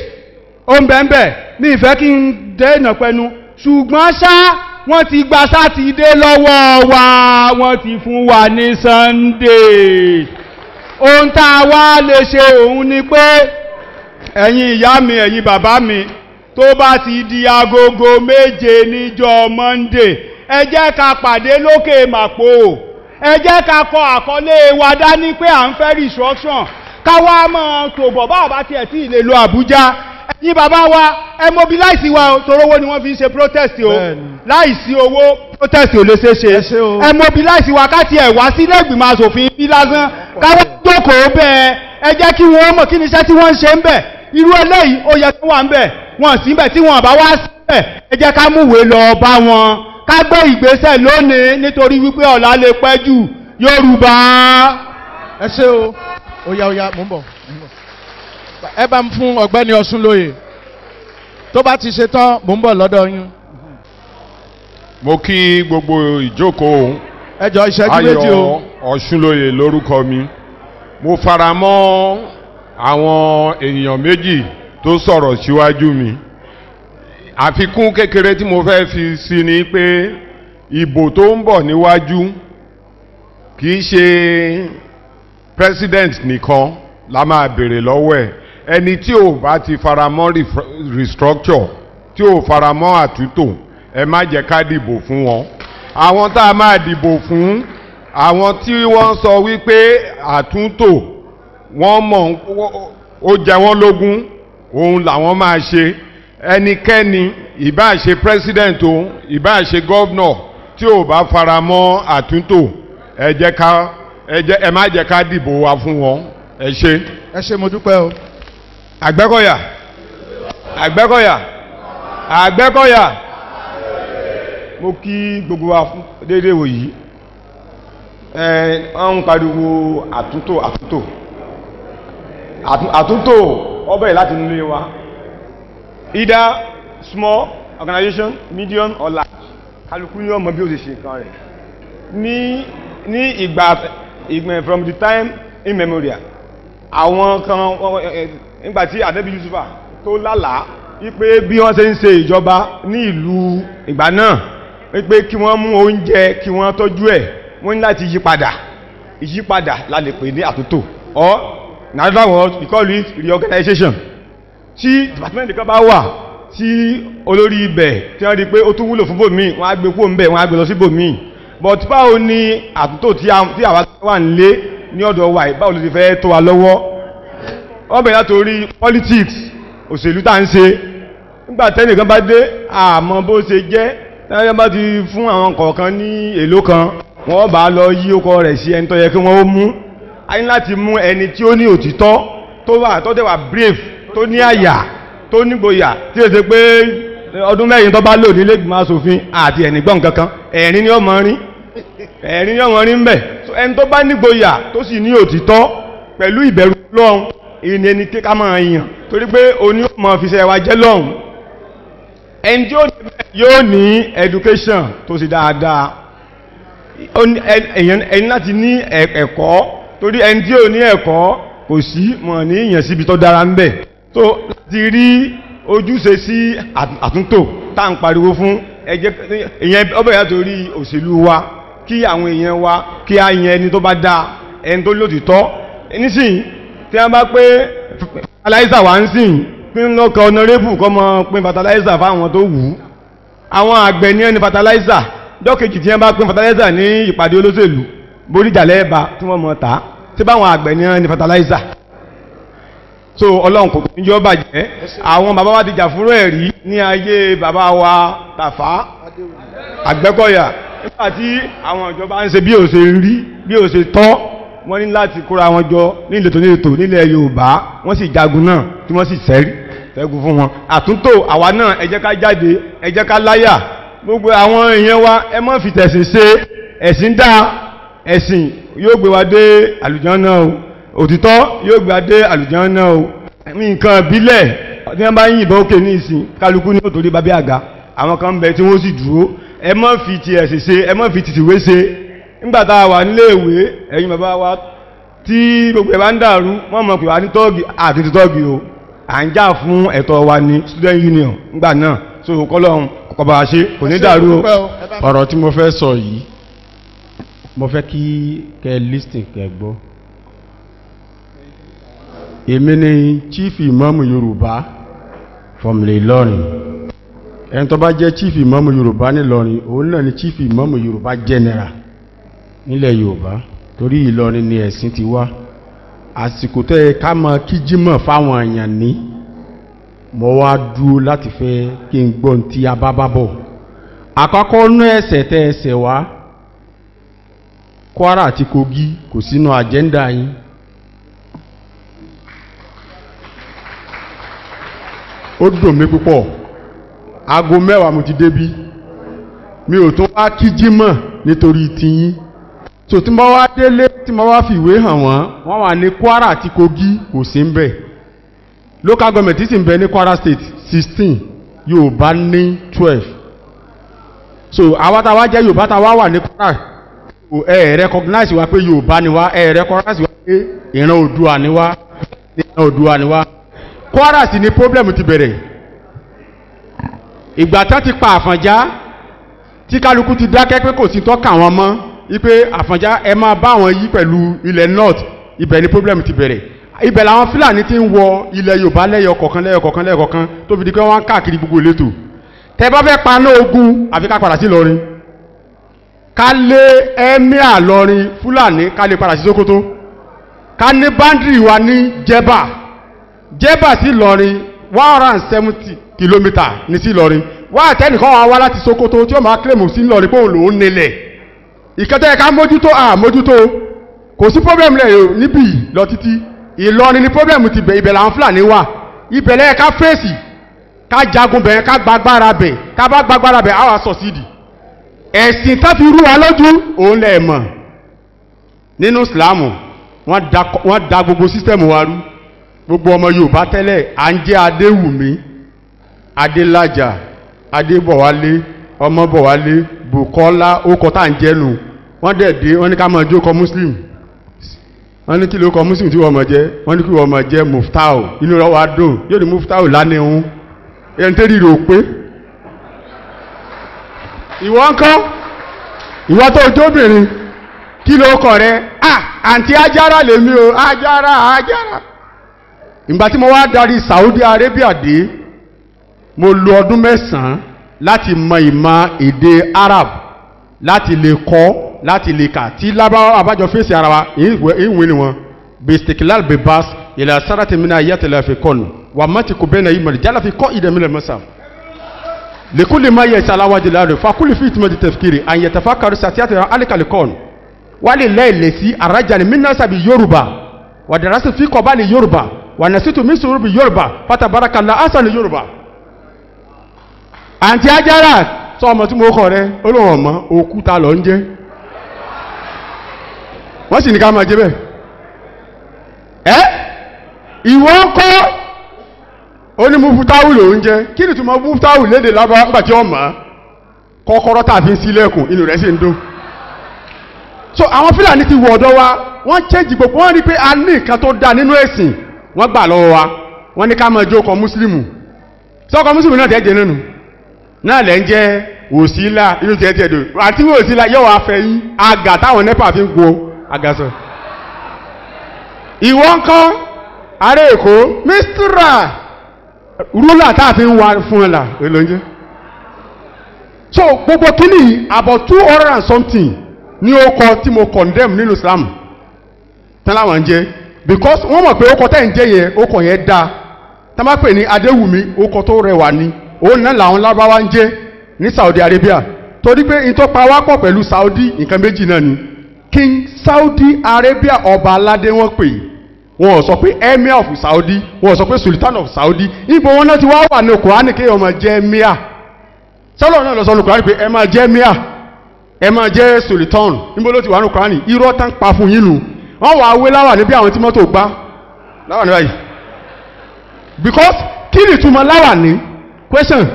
òǹbẹ̀ǹbẹ̀ mi ìfẹ́ kí n dé ìnà pẹnu ṣùgbọ́n ṣá wọ́n ti gba sátidé lọ́wọ́ wa wọ́n ti fún wa ní Sunday ohun tá a wá lè ṣe òun ni pé ẹ̀yin ìyá mi ẹ̀yin bàbá mi tó bá ti di agogo méje níjọ́ Monday ẹ jẹ́ ká pàdé lókè màpò ẹ jẹ́ ká kọ àkọlé wa dání pé à ń fẹ́ restruction káwá máa tò bọ̀ bá ọ̀bá tiẹ̀ tí ìlè lo àbújá ẹ̀yin bàbá wa ẹ mobilize wa o torí owó ni wọ́n fi ń ṣe protest o láìsí owó protest ò lè ṣe ṣe ẹ mobilize wa ká tiẹ̀ wá sílẹ̀ ìgbìmọ̀ asòfin bí lásán káwá jókòó bẹ́ẹ̀ ẹ jẹ́ kí wọ́n mọ̀ kí ni iṣẹ́ tí wọ́n ń ṣe ń bẹ̀ irú eléyìí ó yẹ kí wọ́n à ń bẹ̀ wọ́n sì ń bẹ̀ tí wọ́n bá wá síbẹ̀ ẹ jẹ́ ká múwèé lọ bá wọn ká gbé ìgbésẹ̀ lónìí nítorí wípé ọ̀la lè pẹ́ jù Yorùbá. ẹ ṣé o. Oya oya, ó yá mò ń bọ̀ ẹ bá ń fún ọ̀gbẹ́ni ọ̀sùn lóye tó bá ti ṣe tán mò ń bọ̀ lọ́dọ̀ yín. mo kí gbogbo ìjókòó ẹjọ ìṣẹ́jú méjì o ayọ̀ ọ̀ṣunlóye lórúkọ mi mo fara mọ́ àwọn èèyàn méjì tó sọ̀rọ̀ síwájú mi àfikún kékeré tí mo fẹ́ fi sí ni pé ìbò tó ń bọ̀ níwájú kì í ṣe president nìkan la máa béèrè lọ́wọ́ ẹ̀ ẹni tí ò bá ti faramọ́ restructure tí ò faramọ́ àtúntò ẹ má jẹ́ ká dìbò fún wọn àwọn tá a máa dìbò fún àwọn tí wọ́n sọ wípé àtúntò wọ́n mọ̀ ó jẹ wọ́n lógún òun làwọn máa ṣe ẹnikẹ́ni ìbáà ṣe president o ìbáà governor tí ò bá faramọ́ àtúntò ẹ jẹ́ ká ẹ jẹ́ ẹ má jẹ́ ká dìbò wa fún wọn ẹ ṣe. ẹ ṣe mo dúpẹ́ o. àgbẹ́kọ̀yà àgbẹ́kọ̀yà àgbẹ́kọ̀yà mo kí gbogbo wa fún déédéé wò yìí ẹ ń pariwo àtúntò àtúntò àtúntò ọbẹ̀ láti nílé wa either small organization medium or large kálukú ní ọmọ bí ó ti ṣe nǹkan rẹ̀ ní ìgbà from the time immemorial àwọn kan nígbà tí ànábì yusufa tó lálàá wípé bí wọ́n ṣe ń ṣe ìjọba ní ìlú ìgbà náà wípé kí wọ́n mú oúnjẹ kí wọ́n tọ́jú ẹ̀ wọ́n ní láti yípadà ìyípadà la lè pè ní àtúntò or in another word we call it reorganization tí department kan bá wà tí olórí ibẹ̀ tí wọ́n rí pé ó tún wúlò fún bòmíì wọ́n á gbé kúrò ń bẹ̀ wọ́n á gbé lọ sí bòmíì but báwo ni àtúntò tí àwa wà ń lé ní ọ̀dọ̀ wa báwo ló ti fẹ́ tó wa lọ́wọ́ wọ́n bẹ̀rẹ̀ látòrí politics òṣèlú tá ń ṣe nígbà tẹ́nìkan bá dé àmọ́ bó ṣe jẹ́ tẹ́nìkan bá ti fún àwọn kọ̀ọ̀kan ní èlò kan wọ́n bá lọ yí okọ rẹ̀ sí ẹni tó yẹ kí wọ́n ó mú a ní láti mú ẹni tí ó ní òtítọ́ tó wà tó dẹ̀wà brave tó ní àyà tó nígboyà tí ó ṣe pé ọdún mẹ́rin tó bá lò nílé ìgbìmọ̀ asòfin àti ẹ̀nìgbọ́n kankan ẹ̀rín ni ó mọ̀ ẹ̀rin yọ̀wọ̀n rí ń bẹ̀ ẹni tó bá nígboyà tó sì ní òtítọ́ pẹ̀lú ìbẹ̀rù lọ́hùn ìní ẹni tí ká máa yàn torí pé oní ọmọ fiṣẹ́ wa jẹ́ lọ́hùn ẹni tí ó ní bẹ́ẹ̀ yóò ní education tó sì dáadáa ẹni láti ní ẹ̀kọ́ torí ẹni tí ò ní ẹ̀kọ́ kò sí mọ̀ ní ìyàn síbi tó dára ń bẹ̀ tó láti rí ojúṣe sí àtúntò tá à ń pariwo fún ẹ̀yẹn ọbẹ̀ yàtọ̀ rí òṣèlú wa kí àwọn èèyàn wa kí a yẹn ẹni tó bá dáa ẹni tó lòtítọ́ nísìnyí tí wọ́n bá pé fertilizer wà ń sìn kí ń lọ́kọ̀ ọ̀nàrẹ́bù kọ́ mọ pín fertilizer fáwọn tó wù ú àwọn àgbẹ̀ ní ẹni fertilizer dọ́kejì tí wọ́n bá pín fertilizer ní ìpàdé olóṣèlú boríjà lẹ́ẹ̀bà tí wọ́n mọ̀ ta tí báwọn àgbẹ̀ ní ẹni fertilizer so ọlọ́run kò ní yọ́ bàjẹ́ àwọn bàbá wa ti jà fúnrú ẹ̀rí ní ayé bàbá wa Tàfà Àgbẹ̀kọ̀yà nígbà tí àwọn ìjọba ń ṣe bí ó ṣe rí bí ó ṣe tọ́ wọ́n ní láti kóra wọn jọ nílẹ̀ tó nílẹ̀ tó nílẹ̀ Yorùbá wọ́n sì jagun náà tí wọ́n sì sẹ́rí fẹ́gun fún wọn àtúntò àwa náà ẹ jẹ́ ká jáde ẹ jẹ́ ká láyà gbogbo àwọn èèyàn wa ẹ má fi tẹ̀sìn ṣe ẹ̀sìn dá ẹ̀sìn yóò gbé wa dé àlùjánnà o òtítọ́ yóò gbé wa dé àlùjánnà o nǹkan ìbílẹ̀ tí wọ́n bá ń yìnbọn òkè ní ìsìn kálukú ní òtòrí babẹ́ àga àwọn kan ń bẹ tí wọ́n sì dúró ẹ mọ́ fi ti ẹ̀sìn ṣe ẹ mọ́ fi ti tìwé ṣe nígbà wà nílé ìwé ẹ̀yin bàbá wa tí gbogbo ẹ̀ ń dàrú wọ́n mọ̀ pé wà ní àti ti o à ń jà fún ẹ̀tọ́ wa ní student union nígbà náà so kọ́lọ́hún kọba ṣe kò ní dàrú o. ọ̀rọ̀ tí mo fẹ́ sọ yìí mo fẹ́ kí kẹ́ listing kẹ́ gbọ́ èmi ni chief imam yorùbá from Ìlọrin ẹni tó bá jẹ́ chief imam yorùbá nílọrin òun náà ni chief imam yorùbá general nílẹ̀ yorùbá torí ìlọrin ni ẹ̀sìn ti wá àsìkò tẹ́ ẹ ká mọ kí jímọ̀ fáwọn èèyàn ní mo wá dúró láti fẹ́ kí n gbọ́n tí a àkọ́kọ́ nú ẹsẹ̀ tẹ ẹsẹ̀ wá kwara àti kogi kò sínú àjẹ́ndà yín ó dùn mí púpọ̀ aago mẹ́wàá mo ti débí mi ò tún wá kí jímọ̀ nítorí tiyín so tí mo wá délé tí mo wá fìwé hàn wọ́n wọ́n wà ní Kwara àti Kogi kò sí ń bẹ̀ local government sì ń bẹ ní Kwara state sixteen Yorùbá ní twelve so àwa tá a wá jẹ́ Yorùbá tá a wá wà ní Kwara ẹ ẹ recognize wa pé Yorùbá ni wa ẹ ẹ recognize wa pé ìran Oòduà ni wa ìran Oòduà ni wa Kwara sì ni problem ti bẹ̀rẹ̀ ìgbà tá ti pa Àfọ̀njá tí kálukú ti dákẹ́ pé kò sí tọ́ka wọn mọ́ wípé Àfọ̀njá ẹ máa bá wọn yí pẹ̀lú ilẹ̀ north ibẹ̀ ni problem ti bẹ̀rẹ̀ ibẹ̀ làwọn Fúlàní ti ń wọ ilẹ̀ Yorùbá lẹ́yọ kọ̀ọ̀kan lẹ́yọ kọ̀ọ̀kan lẹ́yọ kọ̀ọ̀kan tó fi di pé wọ́n káàkiri gbogbo ìletò tẹ bá fẹ́ paná ogun àfi ká padà sí Ìlọrin ká lé ẹ́míà lọrin Fúlàní ká lè padà sí Sókótó ká ní báńdìrì wa ní Jẹ̀bà Jẹ̀bà sí Ìlọrin one hundred and seventy kìlómítà ní sí Ìlọrin wá àtẹnìkan wa wá láti Sokoto tí ó máa kílèmù sí Ìlọrin pé òun lòún nílẹ̀ ìkẹtẹ ẹ̀ka mójútó à mójútó kò sí pọ́blẹ́mù rẹ̀ níbí lọ títí Ìlọrin ni pọ́blẹ́mù ti bẹ̀ ibẹ̀ làwọn Fúlàní wà ibẹ̀ lẹ́yẹ ká fèsì ká jagun bẹ̀ ká gbagbára bẹ̀ ká bá gbagbára bẹ̀ àwa sọ̀sídì ẹ̀sìn tá fi rú wa lójú òun lẹ̀ mọ̀ nínú Ìsìlámù wọ́n da gbogbo sísítẹ̀mù wa rú gbogbo ọmọ Yorùbá tẹ́lẹ̀ à ń jẹ́ Adéwùmí adélájà adébọ̀wálé ọmọbọ̀wálé bukola okọ̀ tá à ń jẹ́nu wọ́n dẹ̀ dé wọ́n ní ká máa muslim wọ́n ní kí ló kọ muslim tí wọ́n mọ̀ jẹ́ wọ́n ní kí wọ́n mọ̀ jẹ́ muftau inú dùn yóò ní muftau ẹni tẹ́ rí rò pé ìwọ ìwọ tó jóbìnrin o ajára ajára ìgbà tí mo wá darí Saudi Arabia dé mo lo ọdún mẹ́sàn-án láti mọ ìmọ̀ èdè Arab láti lè kọ́ láti lè kà tí lábáwá abájọ fèsì ara wa ìwé ni wọn bistikilal bebas ìlà sáràtì mi náà yẹtẹlẹ fi kọ́nu wà má ti kò bẹ́ẹ̀ náà yìí mọ̀lẹ́ jálàfi kọ́ ìdẹ̀mílẹ̀ mọ́sà lekuli ma yẹ salawadi la rẹ fakuli fi tuma di tẹfikiri a yẹ tafa kari satiyati ra alikali kọ́nu wali lẹ́yìn lẹ́sí arajani minna sabi Yorùbá wadarasi fi kọba ni Yorùbá wanasitu mi suru bi Yorùbá pata baraka la asa ni Yorùbá. àǹtí ajára sọ ọmọ tí mo kọ rẹ olóhùn ọmọ òkúta lọ ń jẹ wọ́n sì ní ẹ́ ìwọ kọ́ ló ń jẹ kí ni túmọ̀ múfútáwù léde lábá ńgbà ọmọ tàbí sílẹ̀kùn inú sì ń so àwọn fúlàní ti wa wọ́n chẹ́jì gbogbo wọ́n rí pé a ní nǹkan tó nínú wọ́n gbà wa wọ́n ní ká máa jókòó mùsùlùmù sọ́kọ̀ mùsùlùmù náà jẹ náà lẹ́ ń jẹ́ wòsílà inú tiẹ̀ tiẹ̀ dùn àti wòsílà yóò wá fẹ́ yín àgà táwọn nepa fi ń po àgà sọ. ìwọ ń kọ́ ará èkó mísírà rúlà tá a fi ń wa fún ẹ là èlò ń jẹ́. so gbogbo kínní about two hundred and something ni ó kọ tí mo condemn nínú Islam tán láwọn ń because wọ́n mọ̀ pé ó kọ tẹ́ ń jẹ́ yẹn ó kọ yẹn dáa tá a máa pè ní adéwùmí ó kọ tó rẹwà ni òun náà làwọn lábáwá ń jẹ́ ní Saudi Arabia torí pé n tó pa wá pọ̀ pẹ̀lú Saudi nǹkan méjì náà ni King Saudi Arabia ọba aládé wọ́n pè wọn ò sọ pé emir of Saudi wọn ò sọ pé sultan of Saudi ibo wọn náà ti wá wà ní Kùránì kéèyàn máa jẹ́ emir sọlọ náà lọ sọ ní pé ẹ máa jẹ́ emir ẹ máa jẹ́ sultan níbo ló ti wà ní Kùránì irọ́ tán pa fún yín nu wọ́n wàá wé láwà níbi àwọn tí mọ́tò gbá láwà ní báyìí because kí ni ìtumọ̀ láwà ní question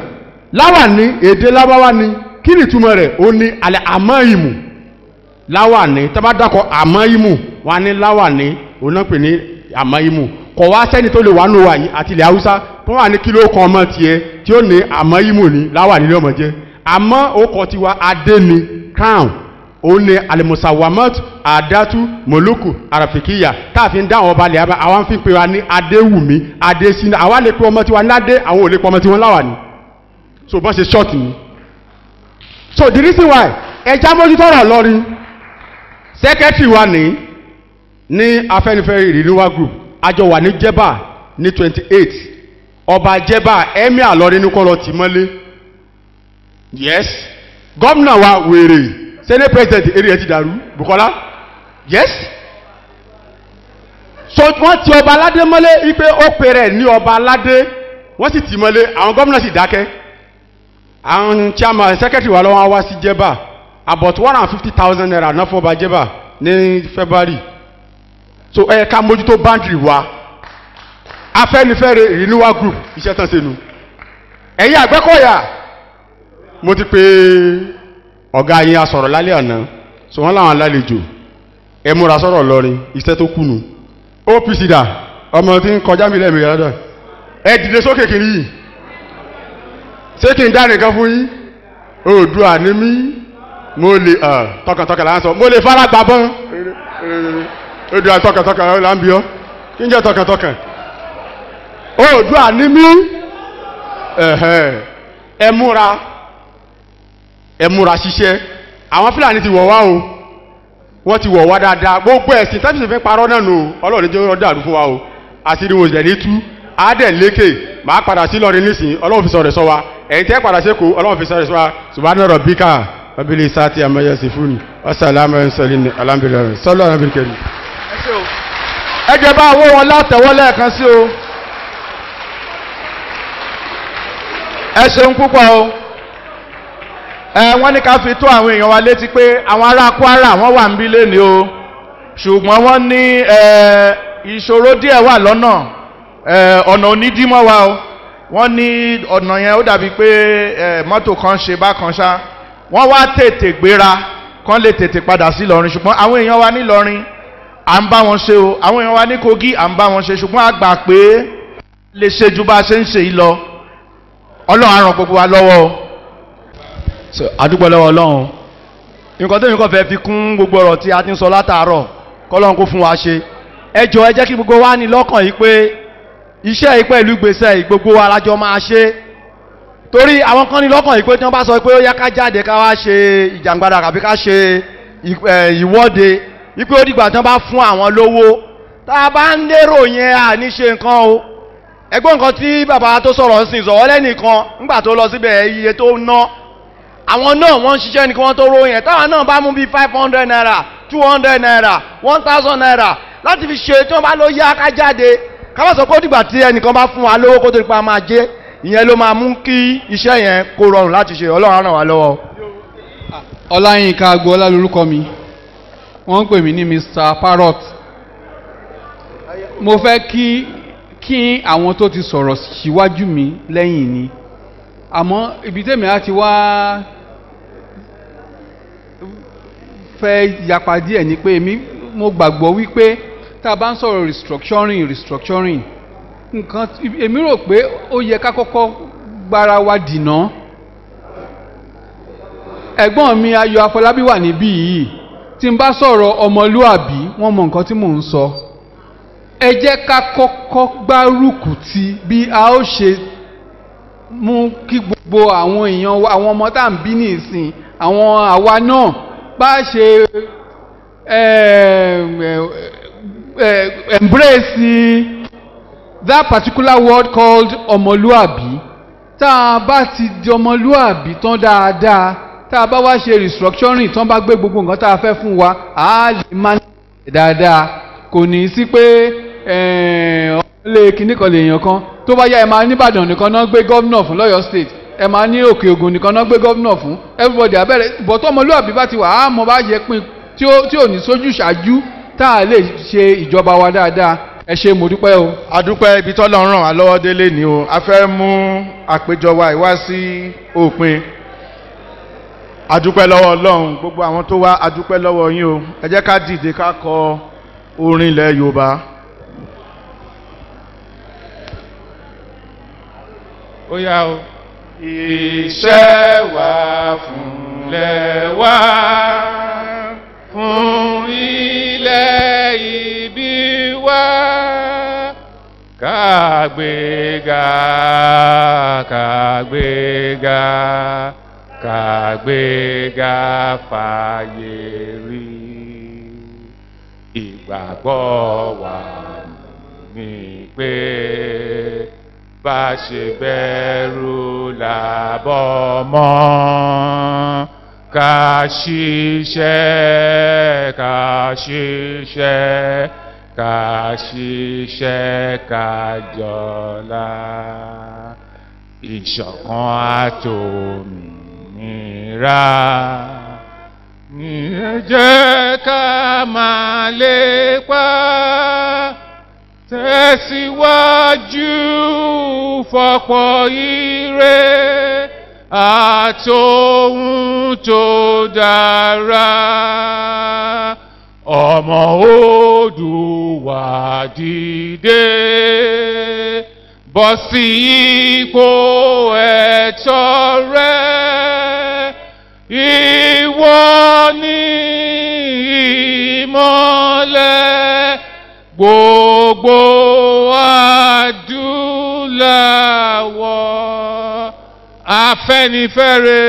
láwà ní èdè lábáwá ni kí ni ìtumọ̀ rẹ̀ ó ní alẹ́ àmọ́ ìmù láwà ní tá bá dákọ̀ àmọ́ ìmù wà ní láwà ní òun náà pè ní àmọ́ ìmù kọ̀ wá sẹ́ni tó lè wà nù wà yìí àti ilẹ̀ haúsá tó wà ní kí ló kan ọmọ tiẹ̀ tí ó ní àmọ́ ìmù ní láwà nílé ọmọ jẹ́ àmọ́ ó kọ tiwa adé ni crown òun ni alimusawamat adatu moluku arafikiya táàfin dá àwọn balẹ̀ abá àwọn fi pe wa ní adéwùmí adésínà àwa lè pe ọmọ tiwa ládé àwọn ò lè pe ọmọ tiwọn láwà ni so bọ́n ṣe ṣọ́ọ̀tì ni so the reason why ẹja mójútó ọ̀rọ̀ lọ́rin sẹ́kẹ́tì wa ní ní afẹ́nifẹ́re ìrìnnúwá group àjọ wà ní jẹ́bà ní twenty eight ọba jẹ́bà emir lọ́rin ní kọ́ lọ́ọ́ tì mọ́lé yes gómìnà wa wèrè tẹ́lẹ̀ president eré ẹ ti dàrú Bukola yes so wọ́n ti ọba aládé mọ́lé ipe ó pe rẹ̀ ní ọba aládé wọ́n sì tì mọ́lé àwọn gómìnà sì dákẹ́ àwọn chairman secretary wa lọ́wọ́ wá sí jẹ́bà about one hundred fifty thousand naira náà fún ọba jẹ́bà ní February so ẹ ká mójútó boundary wa Afẹ́nifẹ́re renewal group iṣẹ́ tán sẹ́nu ẹ̀yin Àgbẹ̀kọ̀yà mo ti pè é. ọ̀gá yín a sọ̀rọ̀ lálẹ́ so wọ́n láwọn alálejò ẹ múra sọ̀rọ̀ lọ́rin iṣẹ́ tó kùnù OPC dà ọmọ tí ń kọjá mi lẹ́mìí rádà ẹ dìde sókè kiri yìí ṣé kí n dá nìkan fún yín Oòduà ni mí mo lè fara gbà bọ́n bí ọ kí n mí ẹ múra ṣiṣẹ́ àwọn fúlàní ti wọ̀ wá o wọ́n ti wọ̀ wá dáadáa gbogbo ẹ̀sìn tẹ́sí fi parọ́ náà nù ọlọ́run jẹ́ ọ̀dà àdúgbò wa o àṣírí wọn ìṣẹ̀lẹ̀ tú àádẹ́ lékè máa padà sí lọrin nísìnyí ọlọ́run fi sọ̀rọ̀ sọ wa ẹ̀yin tẹ́ padà ṣe kó ọlọ́run fi sọ̀rọ̀ sọ wa subahana rabbika rabbil isati amaya sifuni wasalaamu ansalini alhamdulilayi sọlá alhamdulilayi. ẹ jẹ́ bá owó wọn látẹ̀wọ́ lẹ́ẹ̀kan sí o ẹ ṣeun púpọ̀ o ẹ wọ́n ní ká fi tó àwọn èèyàn wa létí pé àwọn ará kwara wọ́n wà ń bí lẹ́ni o ṣùgbọ́n wọ́n ní ìṣòro díẹ̀ wà lọ́nà ọ̀nà onídìímọ̀ wa o wọ́n ní ọ̀nà yẹn ó dàbí pé mọ́tò kan ṣe bákan ṣá wọ́n wá tètè gbéra kán lè tètè padà sí lọ́rin ṣùgbọ́n àwọn èèyàn wa ní lọ́rin à ń bá wọn ṣe o àwọn èèyàn wa ní kogi à ń bá wọn ṣe ṣùgbọ́n a gbà pé lè ṣe ju bá a ṣe ń ṣe yìí lọ ọlọ́run àràn gbogbo wa lọ́wọ́ o so àdúgbò lọ́wọ́ ọlọ́run nǹkan tó yín kọ́ fẹ́ fi kún gbogbo ọ̀rọ̀ tí a ti ń sọ látàárọ̀ kọ́lọ́run kó fún wa ṣe ẹ jọ ẹ jẹ́ kí gbogbo wa ní lọ́kàn yìí pé iṣẹ́ yìí pẹ̀lú gbèsè yìí gbogbo wa lájọ máa ṣe torí àwọn kan ní lọ́kàn yìí pé tí wọ́n bá sọ pé ó yẹ ká jáde ká wá ṣe ìjàngbara àbí ká ṣe ìwọ́de wípé ó dìgbà tí wọ́n bá fún àwọn lówó tá a bá ń lérò yẹn à ní ṣe nǹkan o ẹgbọ́n nǹkan tí bàbá tó sọ̀rọ̀ ń sìn sọ̀wọ́ lẹ́nìkan nígbà tó lọ síbẹ̀ iye tó ná àwọn náà wọ́n ń ṣiṣẹ́ ní kí wọ́n tó ròyìn táwọn náà bá mú bí five hundred naira two hundred naira one thousand naira láti fi ṣe tí wọ́n bá lọ yá ká jáde ká má sọ pé ó dìgbà tí ẹnìkan bá fún wa lówó kó tó di pa máa jẹ ìyẹn ló máa mú kí iṣẹ́ yẹn kó rọrùn láti ṣe ọlọ́run á ràn wá lọ́wọ́. ọláyínká agboola lorúkọ mi wọ́n ń pè mí ní mr parrot mo fẹ́ kí kí àwọn tó ti sọ̀rọ̀ síwájú mi lẹ́yìn ni àmọ́ ibi tèmi á ti wá fẹ́ yapa díẹ̀ ni pé èmi mo gbàgbọ́ wípé tá a bá ń sọ̀rọ̀ restructuring restructuring nǹkan èmi rò pé ó yẹ ká kọ́kọ́ gbára wa dìnà ẹ̀gbọ́n mi ayọ̀ afọlábí wà níbí yìí tí n bá sọ̀rọ̀ ọmọlúàbí wọ́n mọ nǹkan tí mò ń sọ ẹ jẹ́ ká kọ́kọ́ gbárùkù bí a ó ṣe mú kí gbogbo àwọn èèyàn àwọn ọmọ tá à ń bí nìsín àwọn àwa náà bá ṣe ehm, eh, eh, embrace that particular word called ọmọlúàbí tá a bá ti di ọmọlúàbí tán dáadáa tá a bá wá ṣe restructuring tán bá gbé gbogbo nǹkan tá a fẹ́ fún wa a lè máa ṣe dáadáa kò ní í sí pé eh, ọmọlé kìnnìkan lèèyàn kan tó bá yá ẹ máa nìbàdàn nìkan náà gbé gómìnà fún lọ́yọ̀ state ẹ máa ní òkè ògùn nìkan náà gbé gómìnà fún everybody abẹ́rẹ́ bọ́tọ́ ọmọlúwàbí bá ti wà á mọ bá yẹ pin tí ò ní sójú ṣáájú tá a lè ṣe ìjọba wa dáadáa ẹ ṣe mo dúpẹ́ o. àdúpẹ́ ibi tọ́lọ́ ràn wá lọ́wọ́ délé ni o a fẹ́ mú àpéjọ wa ìwá sí òpin àdúpẹ́ lọ́wọ́ ọlọ́run gbogbo àwọn tó wá àdúpẹ́ lọ́wọ́ yín o ẹ jẹ́ ká dìde ká kọ orin ilẹ̀ yorùbá. ó yá o iṣẹ́ wa fúnlẹ̀ wá fún ilẹ̀ ibi wá kàgbéga kàgbéga kàgbéga fàyè rí ìgbàgbọ́ wa ni pé bá ṣe bẹ̀rù làbọ̀ mọ́ ká ṣiṣẹ́ ká ṣiṣẹ́ ká ṣiṣẹ́ ká jọlá ìṣọ̀kan àtòmìnira ní ẹ jẹ́ ká máa lépa tẹ̀síwájú fọ̀pọ̀ ire àtòhun tó dára ọmọ Oòduà dìde bọ́ sí ipò ẹ̀tọ́ rẹ ìwọ ni ìmọ́lẹ̀ gbogbo adúláwọ̀ afẹ́nifẹ́re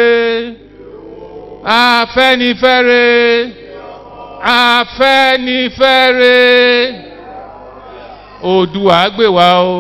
afẹ́nifẹ́re afẹ́nifẹ́re Oòduà gbè wá o.